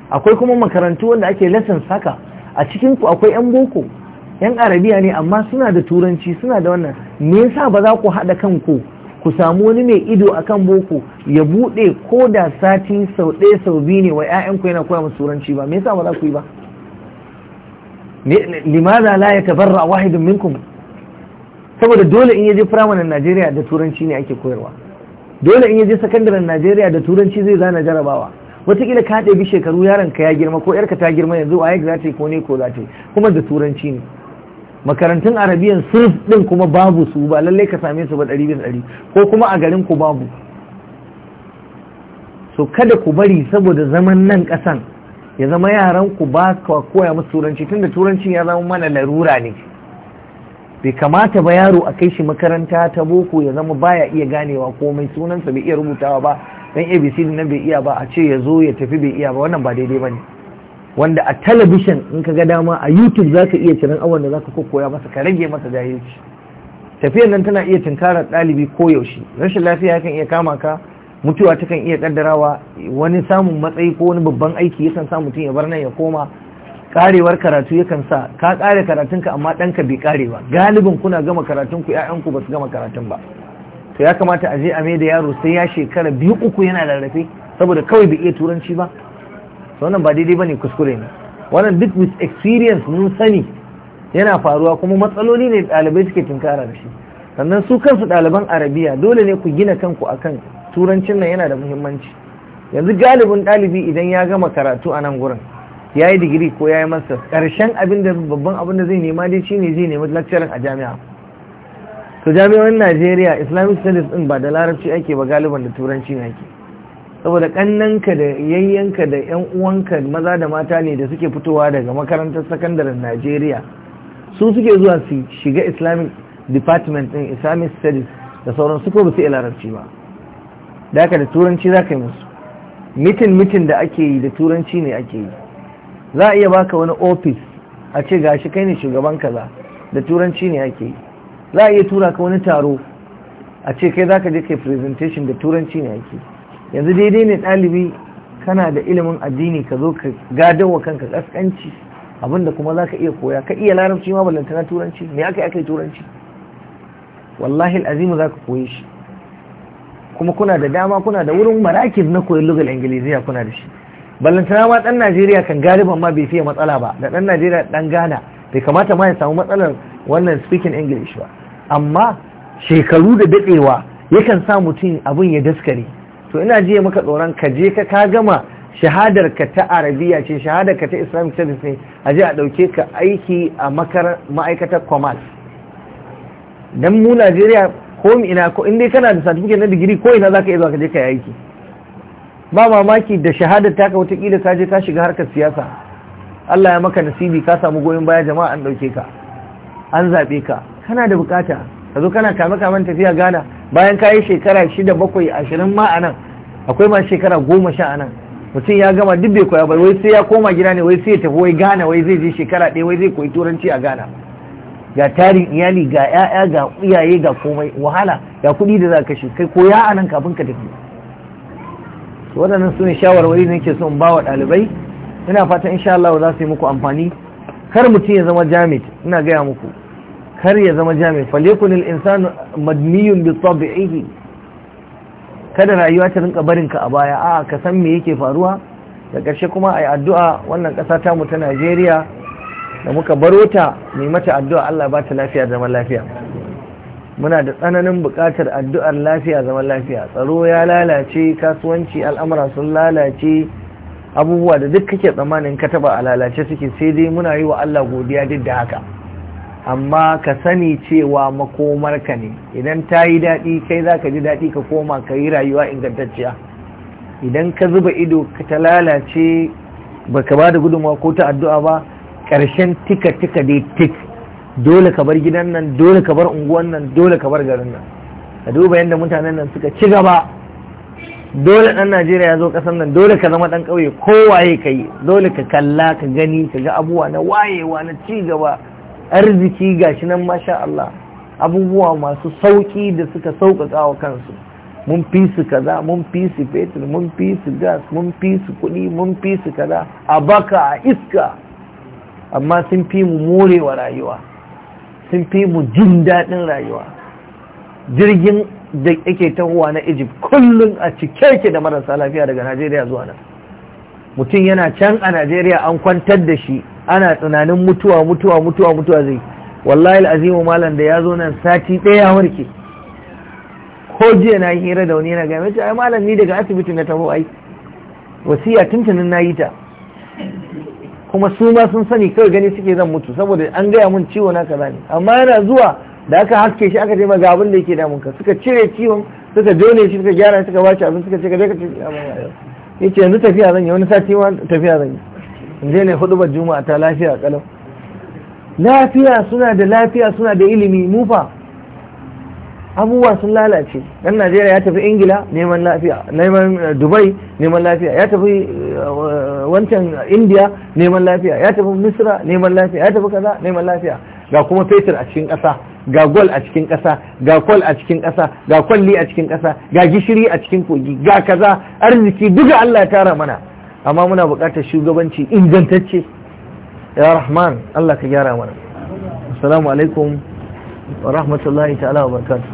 akwai kuma makarantu wanda ake lesson saka. a cikin akwai yan boko yan arabiya ne amma suna da turanci suna da wannan me yasa ba za ku haɗa kanku ku samu wani mai ido a kan boko ya buɗe ko da sati sau ɗaya sau biyu ne wa 'ya'yanku yana koya musu turanci ba me yasa ba za ku yi ba limaza la ya tabarra wahidin minkum saboda dole in yaje firamanin Najeriya da turanci ne ake koyarwa dole in yaje sakandaren Najeriya da turanci zai zana jarabawa wataƙila ka ɗabi shekaru yaron ka ya girma ko yarka ta girma yanzu a za ta yi ko ne ko za ta yi kuma da turanci ne makarantun arabiyan sirf din kuma babu su ba lallai ka same su ba ɗari bisa ɗari ko kuma a garin ku babu so kada ku bari saboda zaman nan ƙasan ya zama yaran ku ba ka koya musu turanci tunda turancin ya zama mana larura ne bai kamata ba yaro a kai shi makaranta ta boko ya zama baya iya ganewa komai sunansa bai iya rubutawa ba dan abc nan bai iya ba a ce ya zo ya tafi bai iya ba wannan ba daidai ba ne wanda a talabishin in ka ga dama a youtube za ka iya cirin awon da za ka koya masa ka rage masa jahilci tafiyar nan tana iya tunkarar ɗalibi ko yaushe rashin lafiya kan iya kama ka mutuwa ta kan iya kaddarawa wani samun matsayi ko wani babban aiki yakan sa mutum ya bar nan ya koma karewar karatu yakan sa ka kare karatunka amma ɗanka bai kare ba galibin kuna gama karatunku ku ba su gama karatun ba to ya kamata a je a da yaro sai ya shekara biyu uku yana rarrafe saboda kawai bai iya turanci ba wannan ba daidai bane kuskure ne wannan duk with experience mun sani yana faruwa kuma matsaloli ne ɗalibai suke tunkara da shi sannan su kansu ɗaliban arabiya dole ne ku gina kanku akan turancin nan yana da muhimmanci yanzu galibin ɗalibi idan ya gama karatu a nan gurin ya yi digiri ko ya yi masters ƙarshen abin da babban abin da zai nema dai shi ne zai nemi lecturing a jami'a to jami'an najeriya islamic studies din ba da larabci ake ba galiban da turanci ne ake saboda kannanka da yayyanka da yan uwanka maza da mata ne da suke fitowa daga makarantar sakandaren Najeriya su suke zuwa su shiga Islamic Department din Islamic Studies da sauran su ko ba su larabci ba da haka da turanci za ka yi musu mitin mitin da ake yi da turanci ne ake yi za a iya baka wani ofis a ce gashi kai ne shugaban kaza da turanci ne ake yi za a iya tura ka wani taro a ce kai za ka je kai presentation da turanci ne ake yi yanzu daidai ne ɗalibi kana da ilimin addini ka zo ka wa kanka kaskanci abinda kuma za ka iya koya ka iya larabci ma na turanci me aka yi aka yi turanci wallahi al'azimu za ka koyi shi kuma kuna da dama kuna da wurin marakib na koyon lugal ingiliziya kuna da shi na ma dan najeriya kan galiban ma bai fiye matsala ba da dan najeriya dan ghana bai kamata ma ya samu matsalar wannan speaking english ba amma shekaru da daɗewa yakan sa mutum abin ya daskare to ina jiya maka tsoron ka je ka ka gama shahadar ka ta arabiya ce shahadar ka ta islamic service ne a je a dauke ka aiki a ma'aikatar commerce dan mu Najeriya ko ina ko in dai kana da certificate na digiri ko ina zaka iya zuwa ka je ka yi aiki ba mamaki da shahadar ta taka watakila ka je ka shiga harkar siyasa Allah ya maka nasibi ka samu goyon baya jama'a an dauke ka an zabe ka kana da bukata ka zo kana kame kamen tafiya Ghana bayan ka yi shekara shida bakwai ashirin ma a nan akwai ma shekara goma sha a nan mutum ya gama duk bai koya ba wai sai ya koma gida ne wai sai ya tafi wai Ghana wai zai je shekara ɗaya wai zai koyi turanci a Ghana ga tarin iyali ga 'ya'ya ga iyaye ga komai wahala ga kuɗi da za ka shi kai koya a nan kafin ka tafi waɗannan su ne shawarwari ne ke son ba wa ɗalibai ina fatan insha Allah za su yi muku amfani kar mutum ya zama jami'in ina gaya muku kar ya zama jami falekun insan madniyun bi tabi'ihi kada rayuwa ta rinka barin ka a baya a ka san me yake faruwa da ƙarshe kuma ai addu'a wannan ƙasa ta mu ta najeriya da muka baro ta mai mata addu'a allah ba ta lafiya zaman lafiya muna da tsananin buƙatar addu'ar lafiya zaman lafiya tsaro ya lalace kasuwanci al'amura sun lalace abubuwa da duk kake tsammanin ka taba a lalace suke sai dai muna yi wa allah godiya duk da haka amma ka sani cewa makomar ka ne idan ta yi daɗi kai za ka ji daɗi ka koma ka yi rayuwa ingantacciya idan ka zuba ido ka ta lalace baka ba da gudunmawa ko ta addu'a ba ƙarshen tika tika dai tik dole ka bar gidan nan dole ka bar unguwan nan dole ka bar garin nan ka duba yadda mutanen nan suka ci gaba dole ɗan najeriya ya zo ƙasar nan dole ka zama ɗan ƙauye ko waye ka yi dole ka kalla ka gani ka ga abubuwa na wayewa na ci gaba arziki gashi nan masha Allah abubuwa masu sauki da suka sauƙaƙa wa kansu mun fi su kaza mun fi su fetur mun fi su gas mun fi su kuɗi mun fi su kaza a baka a iska amma sun fi mu morewa rayuwa sun fi mu jin daɗin rayuwa jirgin da yake tahowa na egypt kullum a cike yake da marasa lafiya daga najeriya zuwa nan mutum yana can a najeriya an kwantar da shi ana tunanin mutuwa mutuwa mutuwa mutuwa zai wallahi azimu malam da ya zo nan sati ɗaya ya warke ko jiya na hira da wani yana ga mace ai malam ni daga asibiti na taho ai wasiya tuntunin na yi ta kuma su ma sun sani kawai gani suke zan mutu saboda an gaya mun ciwo na kaza ne amma yana zuwa da aka haske shi aka taimaka ma ga abin da yake ka suka cire ciwon suka jone shi suka gyara suka bashi abin suka ce ka je ka ci yake yanzu tafiya zan yi wani sati ma tafiya zan yi in je ne ba juma'a ta lafiya kalau lafiya suna da lafiya suna da ilimi mufa abubuwa sun lalace dan najeriya ya tafi ingila neman lafiya neman eh, dubai neman lafiya ya tafi eh, wancan india neman lafiya ya tafi misra neman lafiya ya tafi kaza neman lafiya ga kuma fetur a cikin ƙasa ga gwal a cikin ƙasa ga kwal a cikin ƙasa ga kwalli a cikin ƙasa ga gishiri a cikin kogi ga kaza arziki duka Allah ya tara mana amma muna buƙatar shugabanci ingantacce ya rahman Allah ka gyara mana assalamu alaikum wa rahmatullahi ta'ala wa barakatuh